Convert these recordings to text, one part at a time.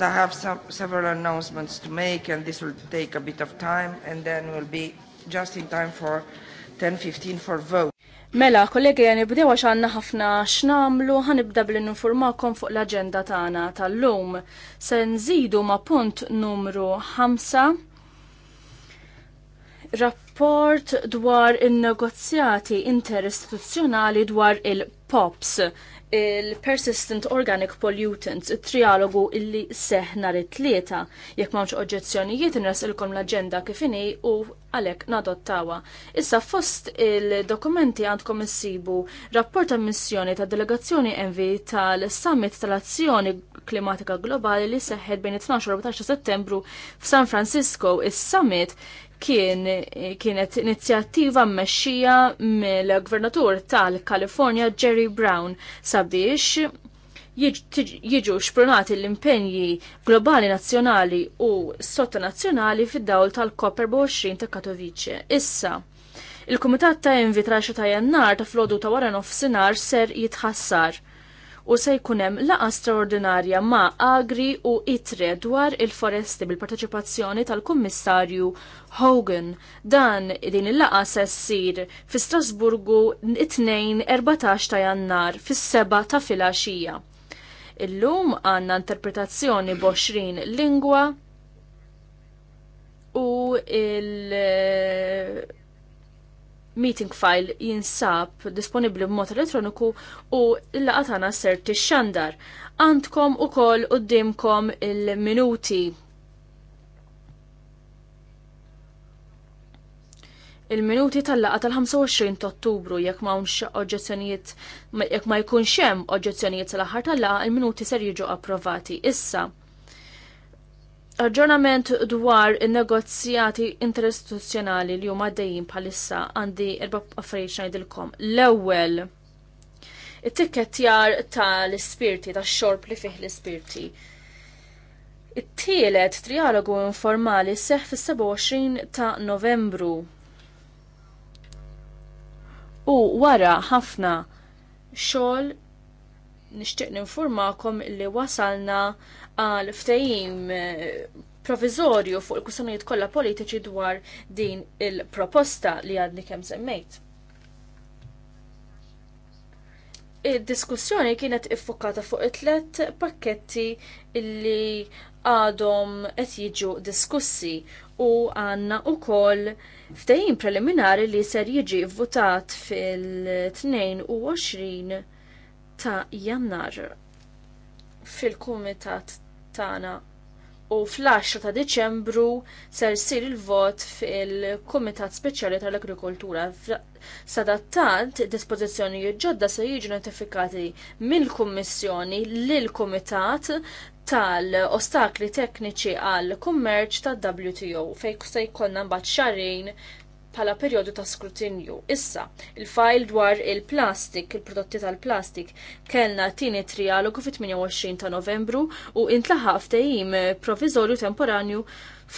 I have some, several announcements to make, and this will take a bit of time, and then we'll be just in time for 10.15 for vote. Mela, kollegi, nibdew għax għanna ħafna x'namlu, ibda bil-informakom fuq l-agenda tagħna tal-lum. Se nżidu ma' punt numru 5 rapport dwar in-negozjati interistituzzjonali dwar il-POPs il-persistent organic pollutants, il-trialogu illi seħ nhar it-tlieta. Jekk m'hawnx oġġezzjonijiet inrasilkom l-aġenda kifini u għalhekk nadottawa. Issa fost il-dokumenti għandkom issibu rapport ta' missjoni ta' delegazzjoni envi tal-Summit tal-Azzjoni Klimatika Globali li seħħet bejn 12 u 14 Settembru f'San Francisco. Is-summit kien kienet inizjattiva mmexxija mill-Gvernatur tal-Kalifornja Jerry Brown sabiex jiġu xprunati l-impenji globali nazzjonali u sottonazzjonali fid-dawl kopper 24 ta' Katowice. Issa, il-Kumitat ta' Envi ta' Jannar ta' flodu ta' wara nofsinhar ser jitħassar u se jkun hemm laqa straordinarja ma' Agri u Itre dwar il-foresti bil-parteċipazzjoni tal-Kummissarju Hogan. Dan din il-laqa se ssir fi Strasburgu 2-14 ta' jannar fis seba ta' filgħaxija. Illum għandna interpretazzjoni b'20 lingwa u il- meeting file jinsab disponibli b'mod elettroniku u l-laqa tagħna ser xandar Għandkom ukoll qudiemkom il-minuti il-minuti tal-laqa tal-25 ta' Ottubru jekk m'hawnx oġġezzjonijiet jekk ma jkunx hemm oġġezzjonijiet sal-aħħar tal-laqa il-minuti ser jiġu approvati. Issa, Aġġornament dwar in negozjati interistituzzjonali li huma dejjin bħalissa għandi erba' affarijiet ngħidilkom. L-ewwel it-tikketjar tal-ispirti, tax-xorb li fih l-ispirti. It-tielet trialogu informali seħ fis-27 ta' Novembru. U wara ħafna xogħol nixtieq ninformakom li wasalna għal ftehim eh, provizorju fuq il-kustanijiet kollha politiċi dwar din il-proposta li għadni kemm semmejt. Id-diskussjoni kienet iffokata fuq it-tlet pakketti illi għadhom qed jiġu diskussi u għanna u koll ftehim preliminari li ser jiġi votat fil-22 ta' jannar fil-Kumitat tagħna u fl-10 ta' Diċembru ser sir il-vot fil-Kumitat Speċjali tal-Agrikoltura. Sadattant, dispożizzjoni ġodda se jiġu notifikati mill-Kummissjoni lil kumitat tal-ostakli tekniċi għal kummerċ tad WTO fejn se jkollna mbagħad xarrejn bħala perjodu ta' skrutinju. Issa, il-fajl dwar il-plastik, il-prodotti tal-plastik, kellna tini trialogu fit-28 ta' novembru u intlaħaq ftehim provizorju temporanju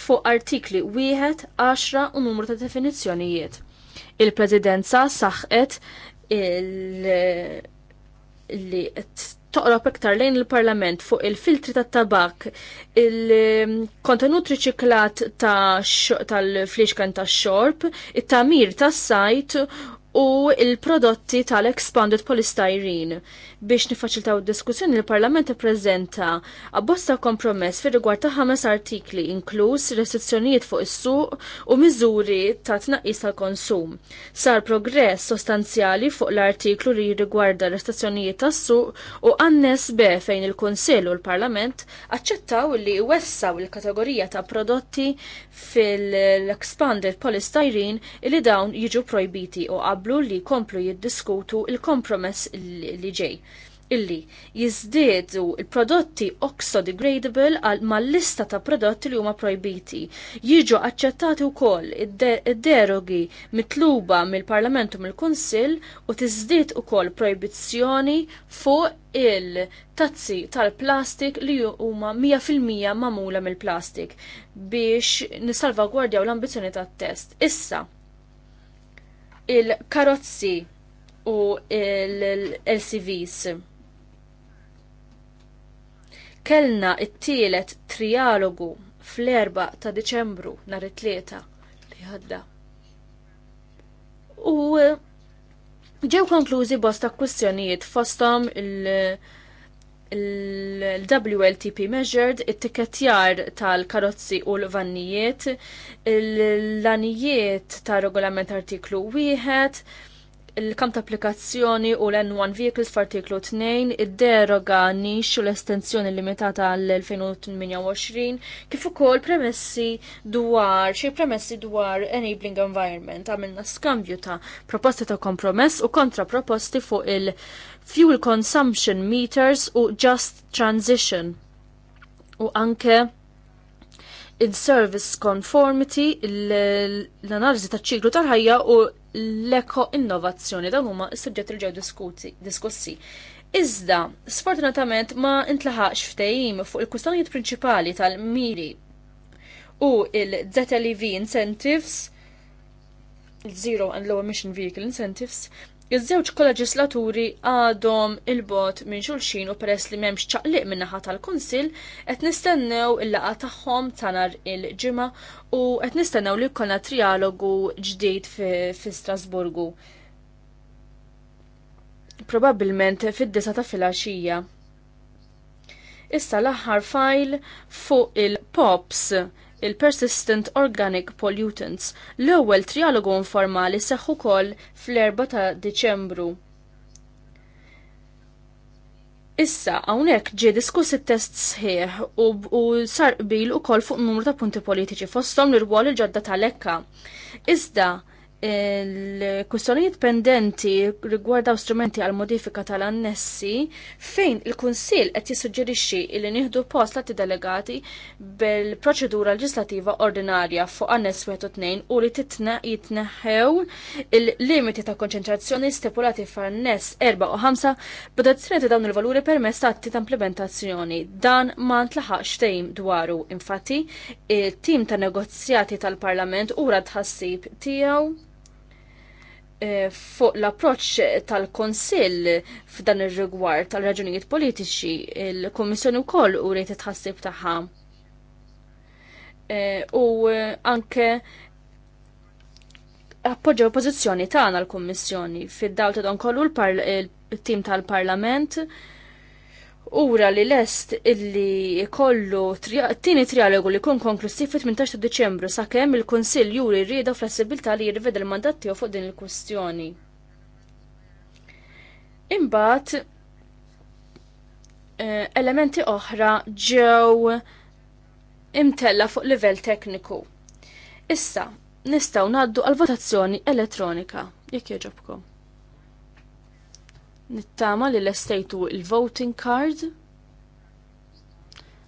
fuq artikli 1, 10 u numru ta' definizzjonijiet. Il-Presidenza saħqet il- li toqrob iktar lejn il-Parlament fuq il-filtri tat tabak, il-kontenut riċiklat tal-fliexkan ta' xorb, it-tamir tas sajt u il-prodotti tal-expanded polystyrene. Biex nifaċiltaw diskussjoni il-Parlament ippreżenta abbosta kompromess fir rigward ta' ħames artikli inkluż restrizzjonijiet fuq is-suq u miżuri ta' tnaqqis tal-konsum. Sar progress sostanzjali fuq l-artiklu li jirrigwarda restrizzjonijiet tas-suq u annes be fejn il-Kunsill u l-Parlament aċċettaw li wessaw il-kategorija ta' prodotti fil-expanded polystyrene li dawn jiġu projbiti u qablu jaqblu li komplu jiddiskutu il-kompromess li ġej illi jizdiedu il-prodotti oxodegradable għal mal-lista ta' prodotti li huma projbiti. Jiġu aċċettati wkoll id-derogi mitluba mill parlamentu u mill-Kunsill u tiżdied ukoll projbizzjoni fuq il-tazzi tal-plastik li huma 100% mamula mill-plastik biex nisalvagwardjaw l-ambizzjoni tat-test. Issa, il-karozzi u il-LCVs. Kellna it-tielet trialogu fl-4 ta' Deċembru nhar it-tlieta li ħadda. U ġew konklużi bosta kwistjonijiet fosthom il- l-WLTP measured, it-tikettjar tal-karozzi u l-vannijiet, l-anijiet ta' regolament artiklu 1, il-kamp ta' applikazzjoni u l-N1 Vehicles f'artiklu 2, id-deroga nix u l-estensjoni limitata l 2028 kif ukoll premessi dwar, xi premessi dwar Enabling Environment, għamilna skambju ta' proposti ta' kompromess u kontra proposti fuq il- fuel consumption meters u just transition u anke in service conformity, l-analiżi taċ ċiklu tal-ħajja u l-eko innovazzjoni dan huma s-suġġetti li ġew diskussi. Iżda, sfortunatament ma intlaħax ftehim fuq il-kustanijiet prinċipali tal-miri u il-ZLEV incentives, il-Zero and Low Emission Vehicle Incentives, Iż-żewġ kolleġislaturi għadhom il-bot minn xulxin u peress li m'hemmx ċaqliq minn naħa tal-Kunsill qed nistennew il-laqa tagħhom ta' il-ġimgħa u qed nistennew li jkollna trialogu ġdid fi Strasburgu. Probabbilment fid-disa ta' filgħaxija. Issa l-aħħar fajl fuq il-POPs il-persistent organic pollutants. L-ewwel trialogu informali seħħu ukoll fl-4 ta' Diċembru. Issa hawnhekk ġie diskuss it-test sħiħ u, sar qbil ukoll fuq numru ta' punti politiċi fostom l-irwol il-ġodda tal-ekka. Iżda il-kustonijiet pendenti rigwardaw strumenti għal modifika tal-annessi fejn il-Kunsil qed jissuġġerixxi li nieħdu post lati delegati bil-proċedura leġislativa ordinarja fuq annes 2 u li titna jitneħew il-limiti ta' konċentrazzjoni stipulati f'anness 4 u 5 b'dazzjoni ta' dawn il-valuri permess ta' ta' implementazzjoni. Dan ma ntlaħaqx tejm dwaru. Infatti, il-tim ta' negozjati tal-Parlament ura tħassib tiegħu Eh, fuq l-approċ tal-Konsill f'dan ir-rigward tal-raġunijiet politiċi, il-Kummissjoni wkoll u rejt tħassib tagħha. Eh, u anke appoġġew pożizzjoni tagħna l-Kummissjoni fid-dawl ta' dan kollu l-tim tal-Parlament. tal parlament ura li lest illi kollu t tini trialogu li kun konklusiv fit-18 ta' sa' sakemm il-Kunsill juri rrida flessibilità li jirved l mandatti tiegħu fuq din il-kwistjoni. Imbagħad eh, elementi oħra ġew imtella fuq livell tekniku. Issa, nistgħu ngħaddu għal votazzjoni elettronika, jekk jieġobkom nittama li l-estejtu il-voting card.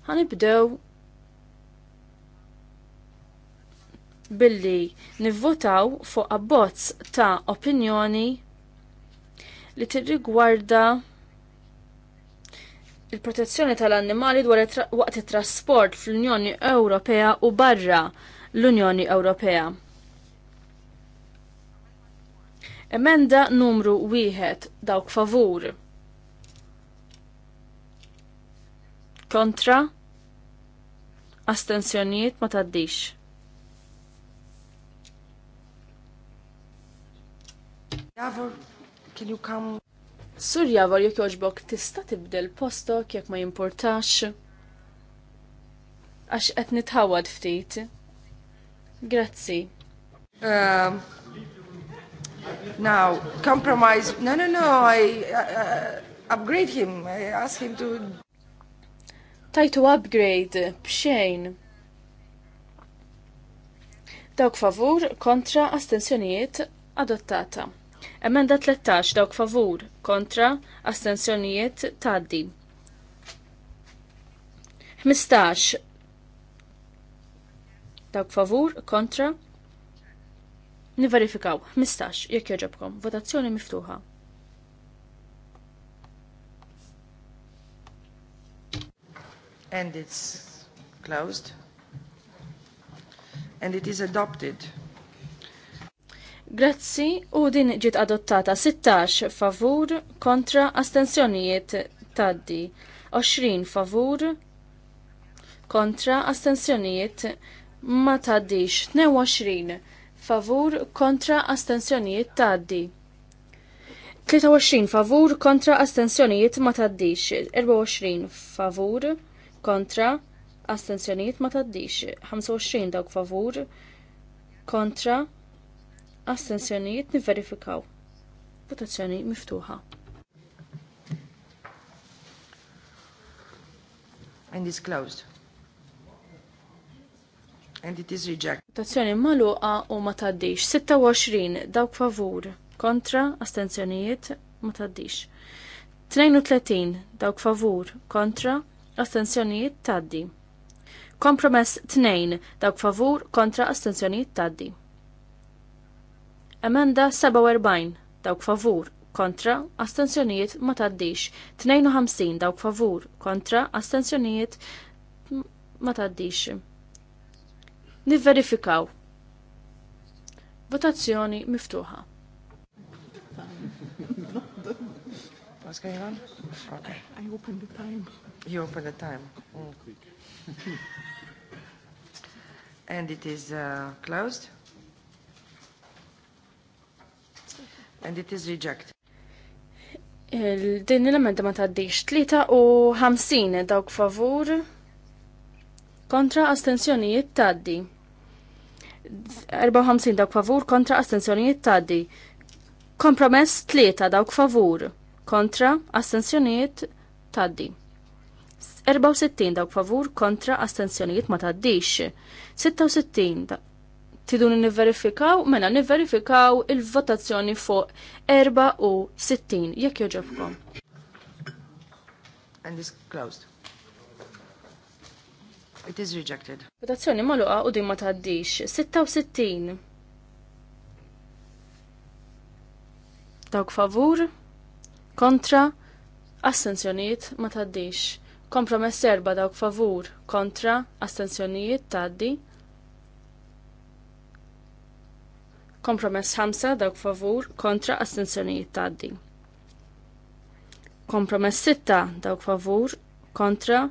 Għanibdew billi nivvotaw fuq abbozz ta' opinjoni li tirrigwarda il-protezzjoni tal-annimali dwar waqt it-trasport fl-Unjoni Ewropea u barra l-Unjoni Ewropea. Emenda numru wieħed dawk favur. Kontra. Astenzjonijiet ma taddix. Javor, can you come? Sur Javor, jek joġbok tista tibdel postok jekk ma jimportax. Għax qed nitħawad ftit. Grazzi. Um, Now, compromise. No, no, no. I uh, uh upgrade him. I ask him to. Tajtu upgrade. Bxejn. Dawk favur kontra astensjonijiet adottata. Emenda 13 dawk favur kontra astensjonijiet taddi. 15 dawk favur kontra Niverifikaw, 15, jekk joġobkom, votazzjoni miftuħa. And it's closed. And it is adopted. Grazzi u din ġiet adottata 16 favur kontra astensjonijiet taddi, 20 favur kontra astensjonijiet ma taddix 22 favur kontra astensjonijiet taddi. 23 favur kontra astensjonijiet ma taddix. 24 favur kontra astensjonijiet ma taddix. 25 dawk favur kontra astensjonijiet niverifikaw. Votazzjoni miftuħa. And is closed and it is rejected. Votazzjoni maluqa u ma taddix. 26 dawk favur kontra astenzjonijiet ma taddix. 32 dawk favur kontra astenzjonijiet taddi. Kompromess 2 dawk favur kontra astenzjonijiet taddi. Emenda 47 dawk favur kontra astenzjonijiet ma taddix. 52 dawk favur kontra astenzjonijiet ma taddix. Nivverifikaw. Votazzjoni miftuħa. What's going on? Okay. I opened the time. You opened the time. Mm. And it is uh, closed. And it is rejected. Il-din il emenda ma taddix 53 dawk favur kontra astensjonijiet taddi. 54 dawk favur kontra astensjonijiet taddi. Kompromess 3 dawk favur kontra astensjonijiet taddi. 64 dawk favur kontra astensjonijiet ma taddix. 66 tidun niverifikaw, mena niverifikaw il-votazzjoni fuq 64 jekk joġobkom. And is closed. It is rejected. Votazzjoni maluqa u din ma taħdix. 66. Dawk favur, kontra, astenzjoniet ma taħdix. Kompromess erba dawk favur, kontra, Astenzjoniet taddi. Kompromess ħamsa dawk favur, kontra, Astenzjoniet taddi. Kompromess sitta dawk favur, kontra,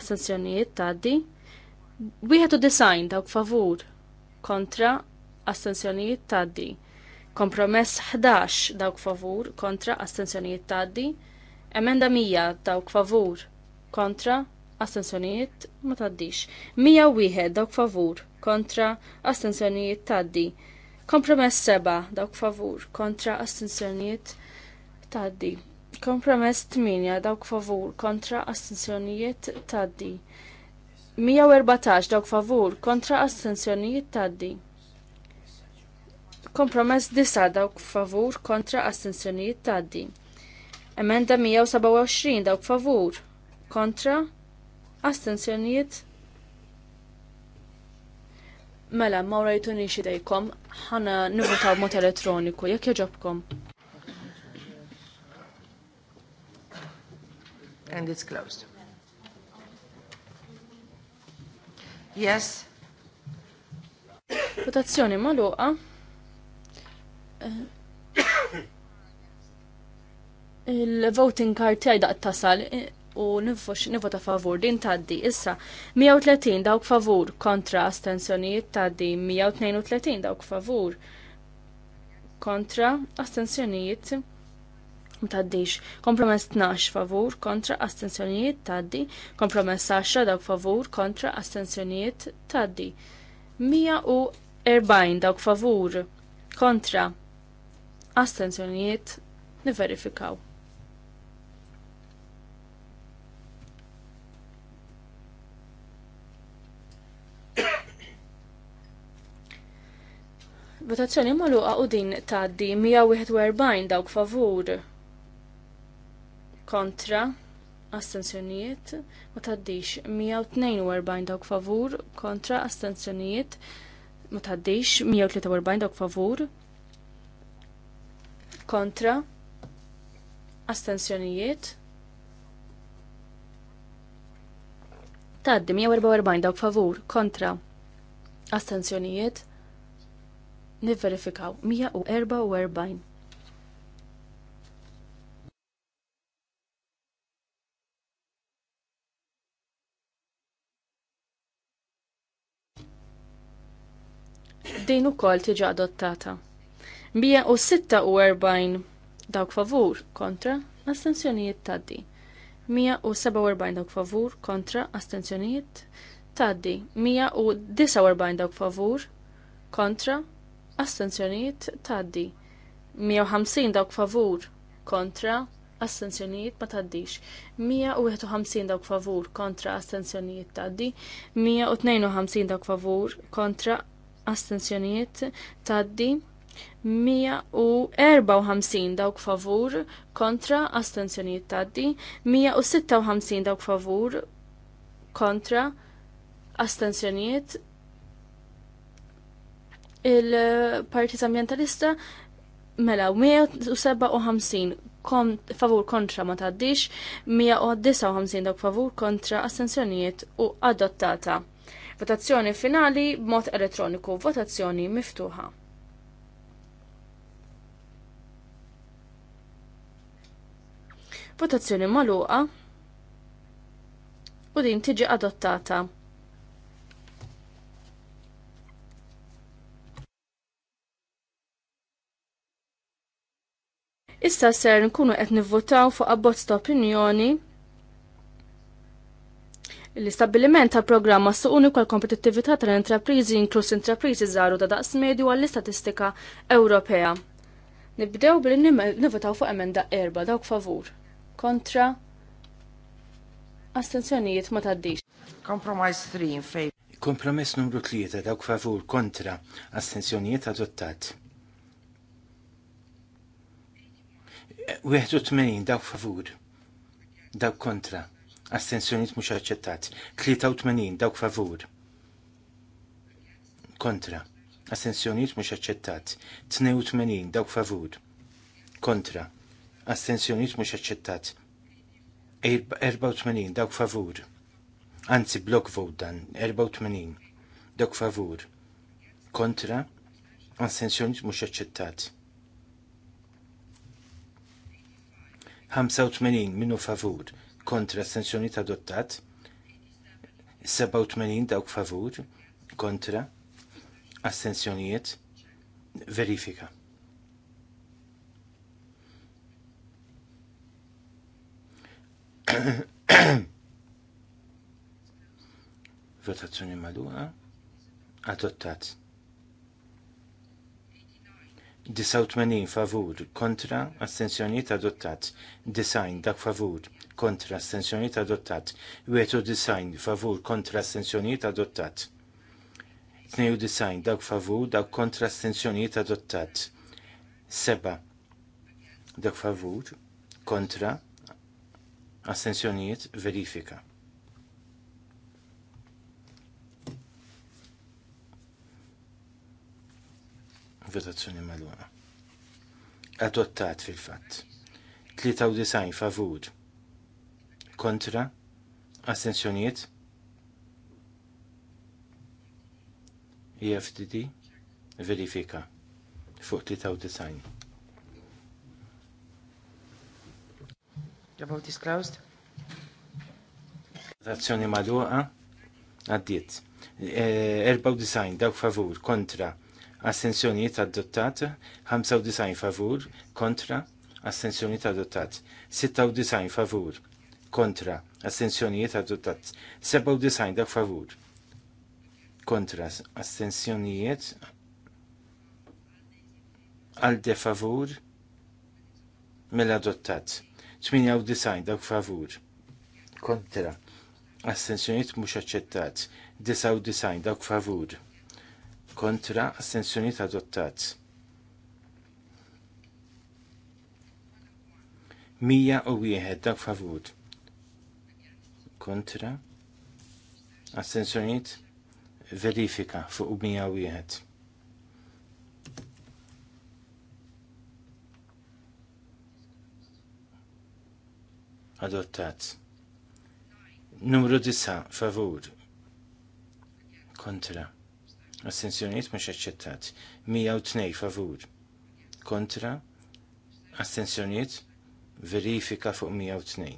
astenzjonijiet taddi. Wieħed u design dawk favur kontra astensjonijiet taddi. Kompromess 11 dawk favur kontra astensjonijiet taddi. Emenda 100 dawk favur kontra astensjonijiet ma taddix. 101 dawk favur kontra astensjonijiet taddi. Kompromess 7 dawk favur kontra astensjonijiet taddi. Kompromess 8 dawk favur kontra astensjonijiet taddi. 114 dawk favur kontra astensjonijiet taddi. Kompromess disa dawk favur kontra astensjonijiet taddi. Emenda 127 dawk favur kontra astensjonijiet Mela, ma rajtuni xidejkom, ħana nivutaw mod elettroniku, jekk joġobkom. And it's closed. Yes. Votazzjoni maluqa. Il-voting card tiegħi daqt tasal eh, u nivota favur din taddi issa 130 dawk favur kontra astensjonijiet taddi 132 dawk favur kontra astensjonijiet Taddix. Kompromess 12 favur kontra astensjonijiet taddi. Kompromess 10 dawk favur kontra astensjonijiet taddi. 140 dawk favur kontra astensjonijiet niverifikaw. Votazzjoni maluqa u din taddi 141 dawk favur kontra astensjonijiet ma taddix 142 dawk favur kontra astensjonijiet ma taddix 143 dawk favur kontra astensjonijiet taddi 144 dawk favur kontra astensjonijiet niverifikaw 144 din ukoll tiġa adottata. 146 dawk favur kontra astenzjonijiet taddi. 147 dawk favur kontra astenzjonijiet taddi. 149 dawk favur kontra astenzjonijiet taddi. 150 dawk favur kontra astenzjonijiet ma taddix. 151 dawk favur kontra astenzjonijiet taddi. 152 dawk favur kontra astenzjonijiet taddi 154 dawk favur kontra astenzjonijiet taddi 156 dawk favur kontra astenzjonijiet il-Partit Ambientalista mela 157 favur kontra ma taddix, 159 dawk favur kontra astenzjonijiet u adottata. Votazzjoni finali b'mod elettroniku. Votazzjoni miftuħa. Votazzjoni maluqa u din tiġi adottata. Issa ser nkunu qed nivvotaw fuq abbozz ta' opinjoni L-istabbiliment ta' programma su uniku għal kompetittività tal-intraprizi inkluż intraprizi żaru ta' daqs medju għall-istatistika Ewropea. Nibdew bil nivotaw fuq emenda erba dawk favur. Kontra astenzjonijiet ma taddix. Compromise 3 in favor. Kompromess numru 3 dawk favur kontra astenzjonijiet adottat. 81 eh, dawk favur dawk kontra Astenzjoniet mhux aċċettat. 83 dawk favur. Kontra. Astenzjoniet mhux aċċettat. 82 dawk favur. Kontra. Astenzjoniet mhux aċċettat. 84 dawk favur. Anzi blok vote dan 84 dawk favur. Kontra. Astenzjoniet mhux aċċettat. 85 minu favur kontra ta' adottat 87 dawk favur kontra astensjonijiet verifika. Votazzjoni maduna adottat. 89 favur kontra astensjonijiet adottat. Design dak favur kontra astensjonijiet adottat. Wetu design favur kontra astensjonijiet adottat. Tneju design dawk favur dawk kontra astensjonijiet adottat. Seba dawk favur kontra astensjonijiet verifika. Votazzjoni maluna. Adottat fil-fatt. 93 favur kontra astensjonijiet EFTD verifika fuq 93. The vote is closed. Votazzjoni madwaqa għaddiet. 94 e, dawk favur kontra astensjonijiet adottat, 95 favur kontra astensjonijiet adottat, 96 favur kontra astensjonijiet adottat 97 dak favur kontra astensjonijiet għal de favur mill-adottat mela 98 dak favur kontra astensjonijiet mhux aċċettat 99 dak favur kontra astensjonijiet adottat 101 dak favur kontra assenzjoniet verifika fuq 101. Adottat. Numru 9 favur kontra Astenzjoniet mhux aċċettat. 102 favur. Kontra. Astenzjoniet verifika fuq 102.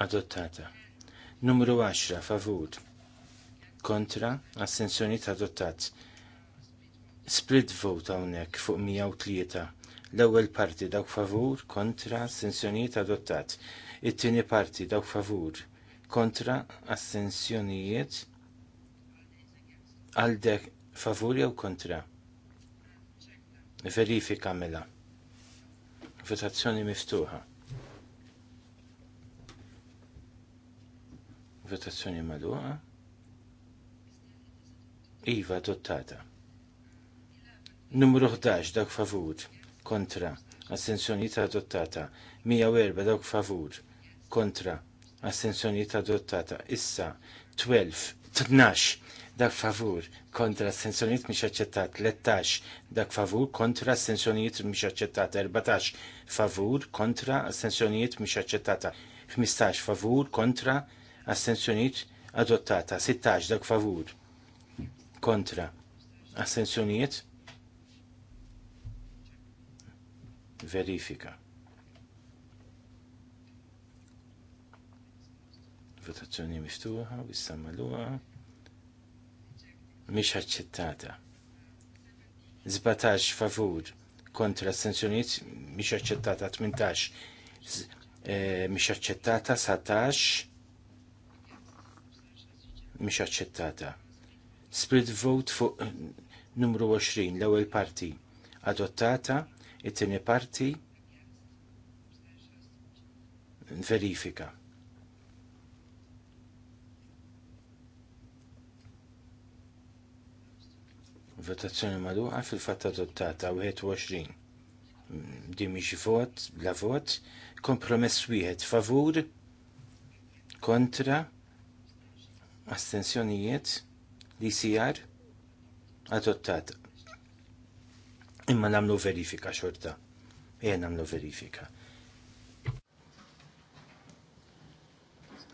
adottata. Numru 10 favur kontra ta' adottat. Split vote hawnhekk fuq 103 l-ewwel parti dawk favur kontra ta' adottat. It-tieni parti dawk favur kontra assenzjonijiet għaldek favur jew kontra. Verifika mela. Votazzjoni miftuħa. Votazzjoni madwa Iva adottata. Numru 11 dak favur kontra astensjonijiet adottata. 104 dak favur kontra astensjonijiet adottata. Issa 12 12 dak favur kontra astensjonijiet mhix aċċettat 13 dak favur kontra astensjonijiet mhix aċċettat 14 favur kontra astensjonijiet mhix aċċettata 15 favur kontra Astenzjoniet adottata. 16 dak favur. Kontra. Astenzjoniet. Verifika. Votazzjoni miftuħa, issa magħluqa. mish accettata 17 favur kontra astenzjoniet mish accettata 18 eh, mish accettata 17 mhix aċċettata. Split vote fuq numru 20 l-ewwel parti adottata, it-tieni parti verifika. Votazzjoni magħluqa fil-fatt adottata 21. Din mhix vot, la vot, kompromess wieħed favur kontra astensjonijiet li sijar adottat. Imma namlu verifika xorta. Ejja namlu verifika.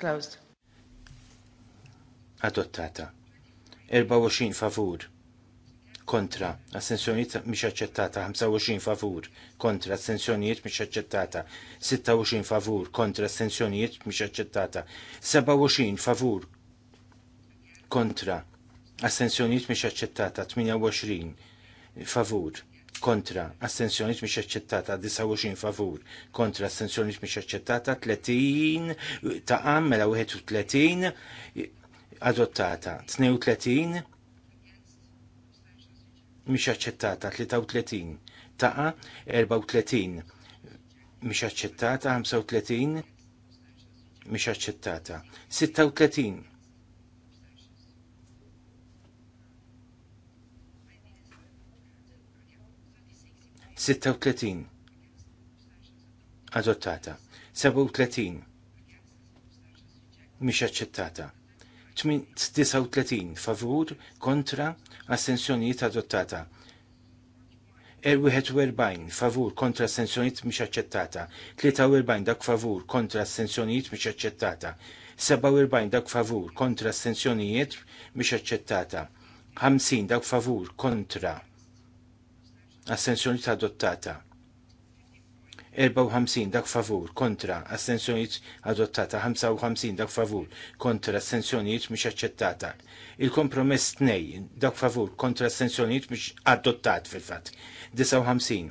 Closed. Adottata. 24 favur kontra astensjonijiet mhix aċċettata 25 favur kontra astensjonijiet mhix aċċettata 26 favur kontra astensjonijiet mhix aċċettata 27 favur kontra, astensjoniet mhix aċċettata 28 favur kontra astensjoniet mhix aċċettata 29 favur kontra astensjoniet mhix aċċettata 30 ta' mela 31 adottata 32 mhix aċċettata 33 ta' 34 mhix aċċettata 35 mhix aċċettata 36 36 adottata 37 mhix aċċettata 39 favur kontra astensjonijiet adottata 41 favur kontra astensjonijiet mhix aċċettata 43 dak favur kontra astensjonijiet mhix aċċettata 47 dak favur kontra astensjonijiet mhix aċċettata 50 dak favur kontra ta' adottata. 54 dak favur kontra astensjoniet adottata 55 dak favur kontra astensjoniet mhix aċċettata. Il-kompromess tnej dak favur kontra astensjoniet mhix adottat fil-fatt. 59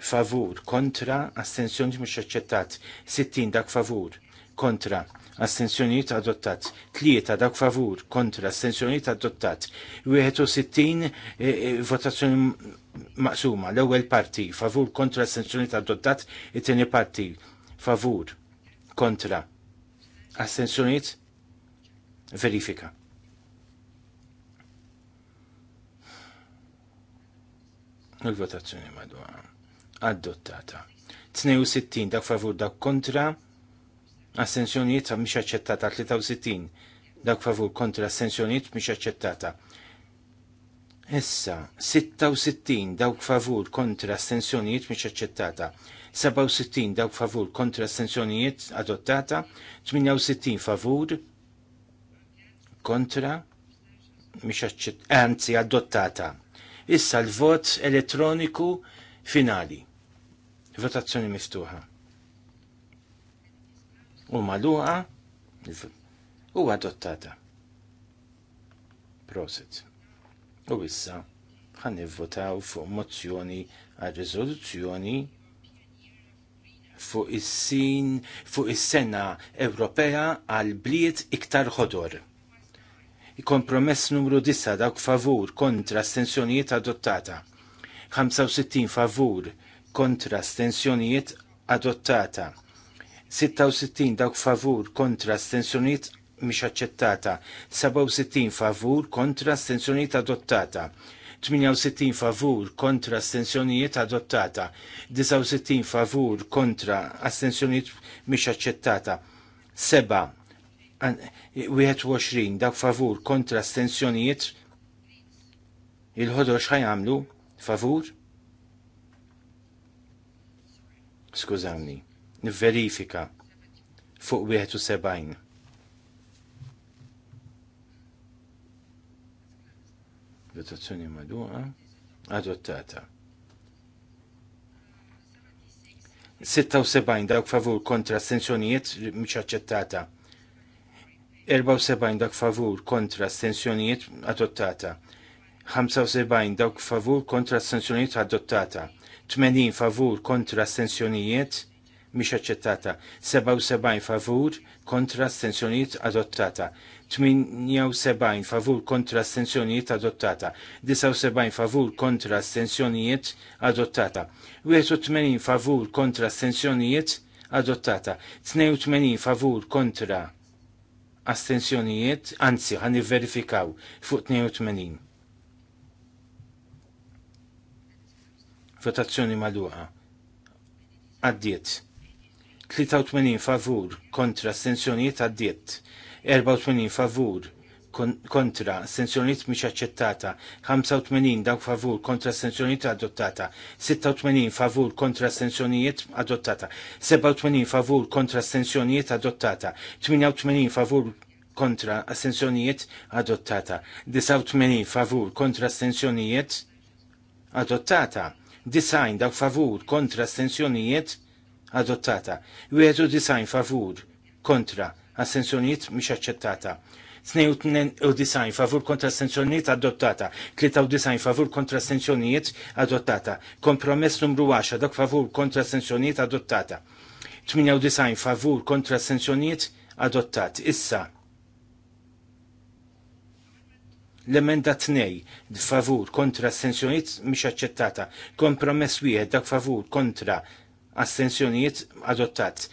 favur kontra astensjoniet mhux aċċettat. 60 dak favur kontra astensjonijiet adottat, Tlieta dak favur kontra astensjonijiet adottat, 61 e, e, votazzjoni maqsuma, l-ewwel parti favur kontra astensjonijiet adottat, it-tieni parti favur kontra astensjonijiet verifika. Il-votazzjoni madwa adottata. 62 dak favur dak kontra Assenzjonijiet mhix aċċettata 63. Dak favur kontra assenzjoniet mhix aċċettata. Issa 66 dawk favur kontra assenzjonijiet mhix aċċettata. 67 dawk favur kontra assenzjonijiet adottata, 68 favur kontra mhix aċċettata, eh, anzi adottata. Issa l-vot elettroniku finali. Votazzjoni miftuħa u maluqa u adottata. Proset. U issa ħan votaw fuq mozzjoni għal riżoluzzjoni fuq is-sin fuq is-sena Ewropea għal bliet iktar ħodor. Kompromess numru 9 dawk favur kontra stensjonijiet adottata. 65 favur kontra stensjonijiet adottata. 66 dawk favur kontra astensjoniet mhix aċċettata, 67 favur kontra astensjoniet adottata, 68 favur kontra astensjonijiet adottata, 69 favur kontra astensjonijiet mhix aċċettata, 7 21 dak favur kontra astensjonijiet il ħodox ħajamlu? favur? Skużawni nivverifika fuq 71. Votazzjoni maduqa adottata. 76 dawk favur kontra astensjonijiet mhix aċċettata. 74 dak favur kontra astensjonijiet adottata. 75 dak favur kontra astensjonijiet adottata. 80 favur kontra astensjonijiet mhix aċċettata. 77 favur kontra astensjonijiet adottata. 78 favur kontra astensjonijiet adottata. 79 favur kontra astensjonijiet adottata. 81 favur kontra astensjonijiet adottata. 82 favur kontra astensjonijiet, anzi, għan verifikaw fuq 82. Votazzjoni maluqa. Addiet. 83 favur kontra astensjonijiet għaddiet, 84 favur kontra sensjoniet miex aċċettata, 85 dawk favur kontra sensjoniet adottata, 86 favur kontra sensjoniet adottata, 87 favur kontra sensjoniet adottata, 88 favur kontra assenzjonijiet adottata, 89 favur kontra astensjonijiet adottata, Disajn dawk favur kontra astensjonijiet adottata, adottata. disajn favur kontra assenzjonijiet mhix aċċettata. 92 favur kontra astenzjonijiet adottata, 93 favur kontra astenzjonijiet adottata, kompromess numru 10 dak favur kontra astenzjonijiet adottata, 98 favur kontra astenzjonijiet adottat. Issa, l-emenda 2 favur kontra astenzjonijiet mhix aċċettata, kompromess wieħed dak favur kontra astensjonijiet adottat.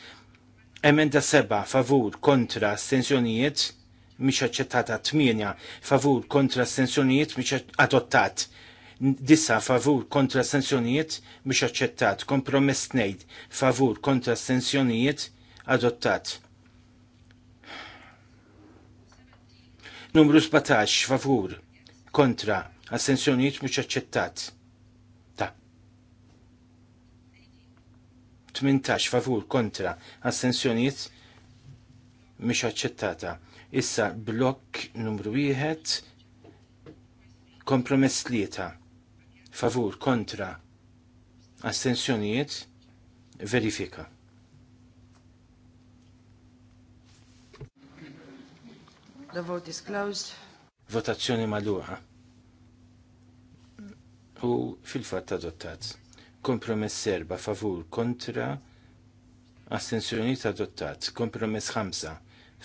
Emenda seba' favur kontra astensjonijiet mhix aċċettata 8 favur kontra astensjonijiet mhix adottat. Disa favur kontra astensjonijiet miex aċċettat. Kompromess nejd favur kontra astensjonijiet adottat. Numru 17 favur kontra astensjonijiet mhux aċċettat 18 favur kontra astensjoniet mhix aċċettata. Issa blokk numru 1 kompromess lieta favur kontra astensjoniet verifika. The vote is closed. Votazzjoni maluħa. U fil-fatt adottat. Kompromess serba favur kontra astensjonijiet adottat. Kompromess ħamsa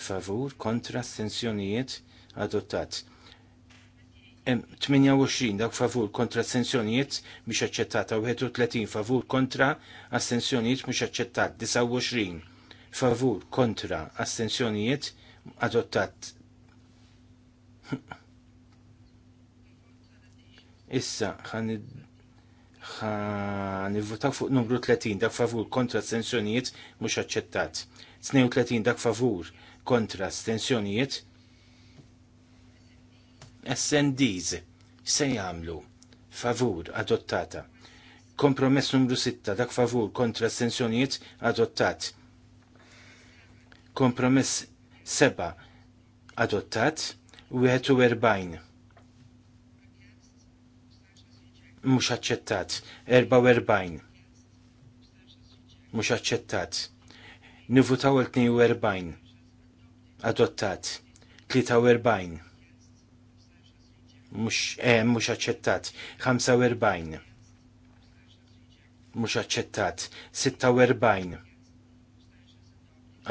favur kontra astensjonijiet adottat. 28 dawk favur kontra astensjonijiet aċċettat aċċettata, 31 favur kontra astensjonijiet mhux aċċettat, 29 favur kontra astensjonijiet adottat. Issa ħan nivvotaw fuq numru 30 dak favur kontra stensjonijiet mhux aċċettat. 32 dak favur kontra stensjonijiet SNDs se jagħmlu favur adottata. Kompromess numru 6 dak favur kontra stensjonijiet adottat. Kompromess 7 adottat u 41 mhux aċċettat. 44 mhux aċċettat. Nivutaw il-42 adottat. 43 mhux eh, mhux aċċettat. 45 mhux aċċettat. 46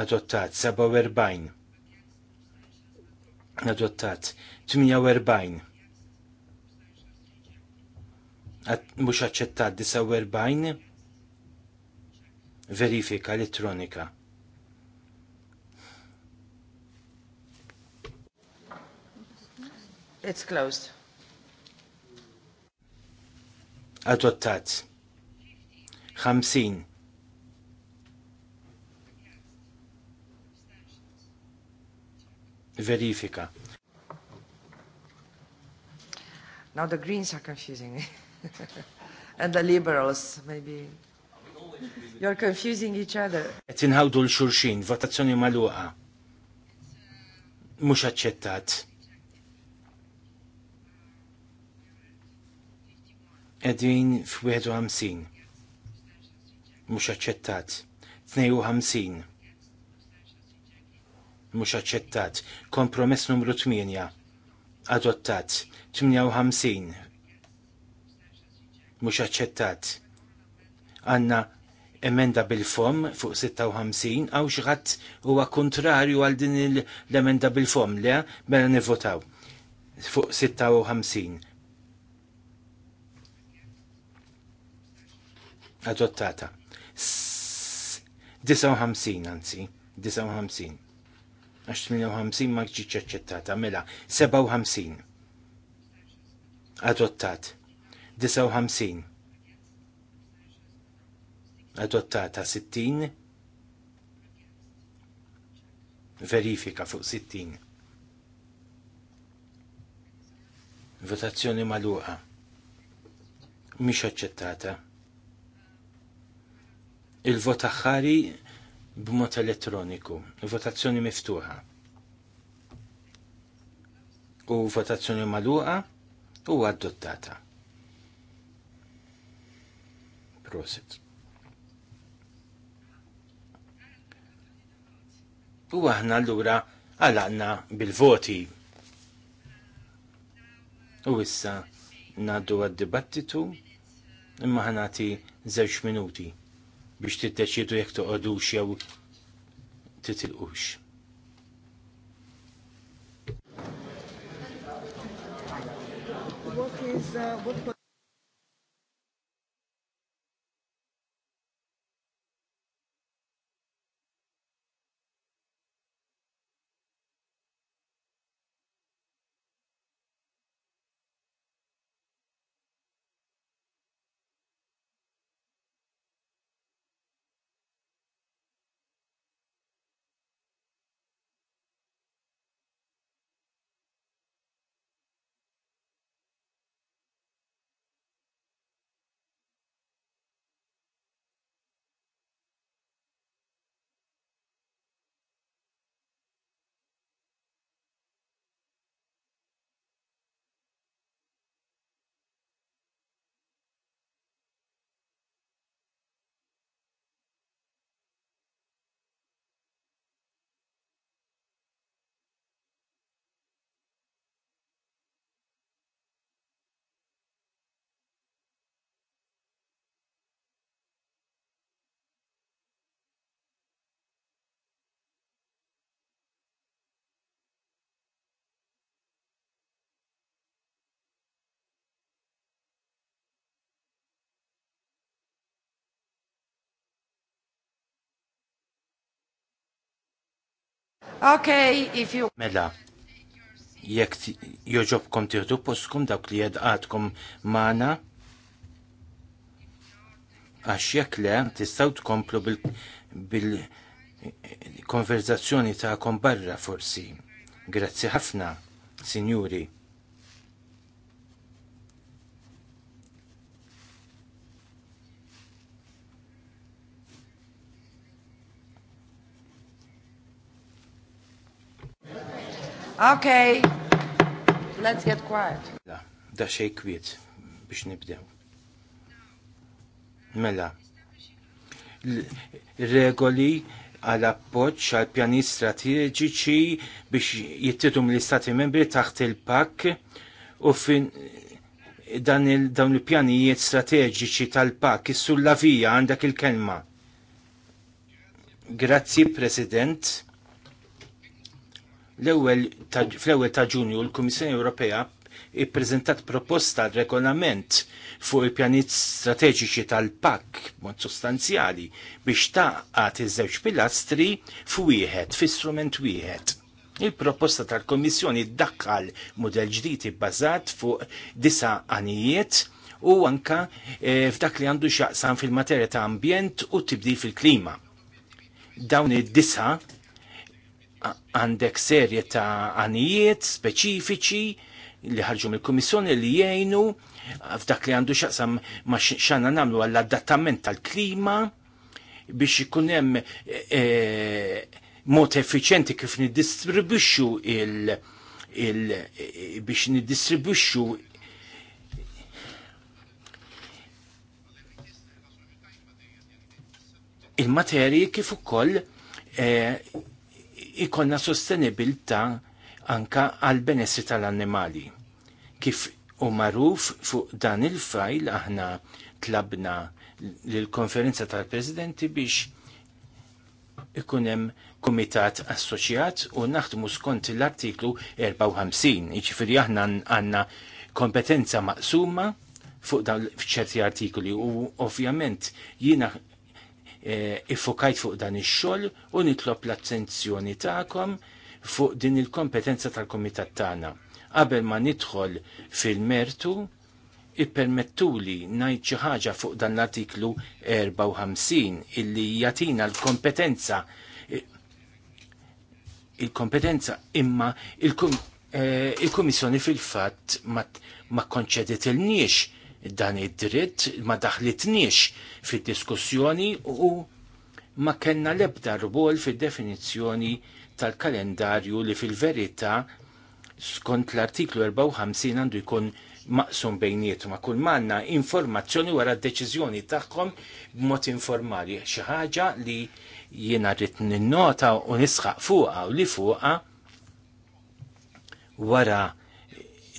adottat. 47 adottat. 48 mhux aċċettat 49 verifika elettronika. It's closed. Adottat. 50. Verifika. Now the Greens are confusing me. and the liberals, maybe. You're confusing each other. Et inħawdu l-xurxin, votazzjoni maluqa. Mux aċċettat. Edwin f-51. Mux aċċettat. 52. Mux accettat. Kompromess numru 8. Adottat. 58 mhux aċċettat. Għanna emenda bil-fom fuq 56 għaw xħat huwa kontrarju għal din l-emenda bil-fom le mela nivvotaw fuq 56. Adottata. 59 anzi, 59. Għax 58 ma ġiċ aċċettata, mela 57. Adottat. 59 adottata 60 verifika fuq 60 votazzjoni maluqa mhix aċċettata il-vot aħħari b'mod elettroniku votazzjoni miftuħa u votazzjoni maluqa u adottata. Prosit. U aħna allura għalanna bil-voti. U issa naddu għad-dibattitu imma ħanati żewġ minuti biex tiddeċidu jekk toqgħodux jew titilqux. What is, uh, what... Okay, if you... Mela, jekk joġobkom tiħdu postkom dawk li jedqatkom mana, għax jekk le, tistaw tkomplu bil-konverzazzjoni bil, ta' kom barra forsi. Grazzi ħafna, sinjuri. Okay, let's get quiet. Da, da xej kwiet biex nibdew. Mela, regoli għal appoġġ għal pjani strateġiċi biex jittitum l-istati membri taħt il-pak u fin dan il dawn il-pjanijiet strateġiċi tal-pak issu l-lavija għandak il-kelma. Grazzi, President fl-ewwel ta' Ġunju l-Kummissjoni Ewropea ippreżentat proposta regolament fuq il-pjanijiet strateġiċi tal-PAK mod sostanzjali biex taqgħat iż-żewġ pilastri f'wieħed, f'istrument wieħed. Il-proposta tal-Komissjoni ddakkal model ġdid ibbażat fuq disa għanijiet u anka e, f'dak li għandu xaqsan fil-materja ta' ambjent u tibdil fil-klima. Dawn id-disa għandek serje ta' għanijiet speċifiċi li ħarġu mill-Kummissjoni li jgħinu f'dak li għandu xaqsam ma xana namlu għall-adattament tal-klima biex ikun hemm e, mod effiċenti kif niddistribwixxu il, il biex niddistribwixxu il-materji kif ukoll e, ikonna sostenibilità anka għal benessi tal-annimali. Kif u maruf fuq dan il-fajl aħna tlabna l-konferenza tal-presidenti biex ikunem komitat assoċjat u naħdmu skont l-artiklu 54, iġifiri aħna għanna kompetenza maqsuma fuq dawn f'ċerti artikoli u ovvjament jiena Eh, ifokajt fuq dan ix-xogħol u nitlob l-attenzjoni tagħkom fuq din il-kompetenza tal-Komitat tagħna. Qabel ma nidħol fil-mertu, ippermettuli ngħid xi ħaġa fuq dan l-artiklu 54 illi jatina l-kompetenza eh, il-kompetenza imma il-Komissjoni eh, fil-fatt ma konċedet il-niex dan id-dritt ma daħlitniex fid-diskussjoni u ma kellna lebda rwol fid-definizzjoni tal-kalendarju li fil-verità skont l-artiklu 54 għandu jkun maqsum bejniet ma kull manna informazzjoni wara d-deċiżjoni tagħhom b'mod informali. Xi ħaġa li jiena rrid ninnota u nisħaq fuqha u li fuqha wara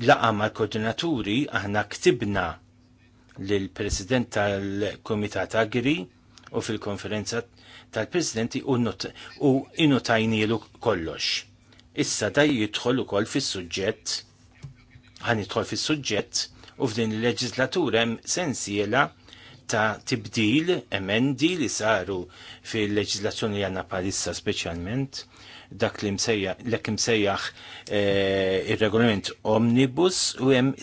laqa mal-koordinaturi aħna ktibna l-President tal-Komitat Agri u fil-konferenza tal-Presidenti u l kollox. Issa da jidħol ukoll fis-suġġett, ħan jidħol fis-suġġett u f'din il-leġislatura hemm sensiela ta' tibdil, emendi li saru fil-leġislazzjoni li għanna palissa speċjalment dak li msejja, lek msejjaħ eh, il-regolament omnibus u hemm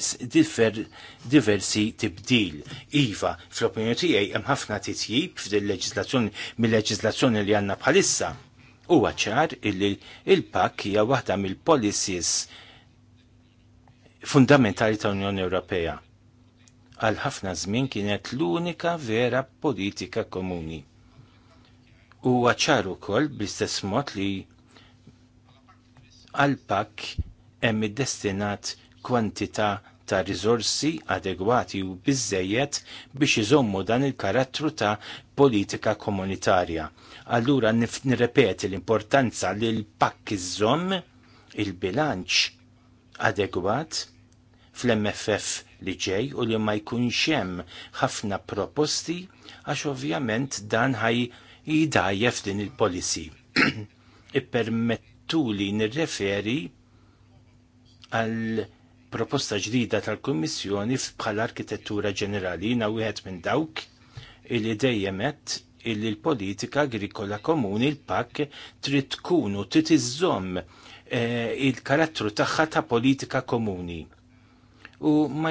diversi tibdil. Iva, fl-opinjoni tiegħi hemm ħafna titjib fil-leġislazzjoni mill-leġislazzjoni li għandna bħalissa. Huwa ċar illi il-pakk hija waħda mill-policies fundamentali tal-Unjoni Ewropea. Għal ħafna żmien kienet l-unika vera politika komuni. U għacċar ukoll bl-istess mod li għal-pak hemm iddestinat kwantità ta' rizorsi adegwati u biżejjed biex iżommu dan il-karattru ta' politika komunitarja. Allura nirrepeti l-importanza li l-pakk iżomm il-bilanċ adegwat fl-MFF li ġej u li ma jkunx hemm ħafna proposti għax ovvjament dan ħaj jidajjef din il-policy. Ippermet tuli nirreferi għal proposta ġdida tal-Kummissjoni bħala arkitettura ġenerali na wieħed minn dawk illi dejjemet qed illi l-politika agrikola komuni l-pak trid tkun u trid iżżomm eh, il-karattru tagħha ta' politika komuni. U ma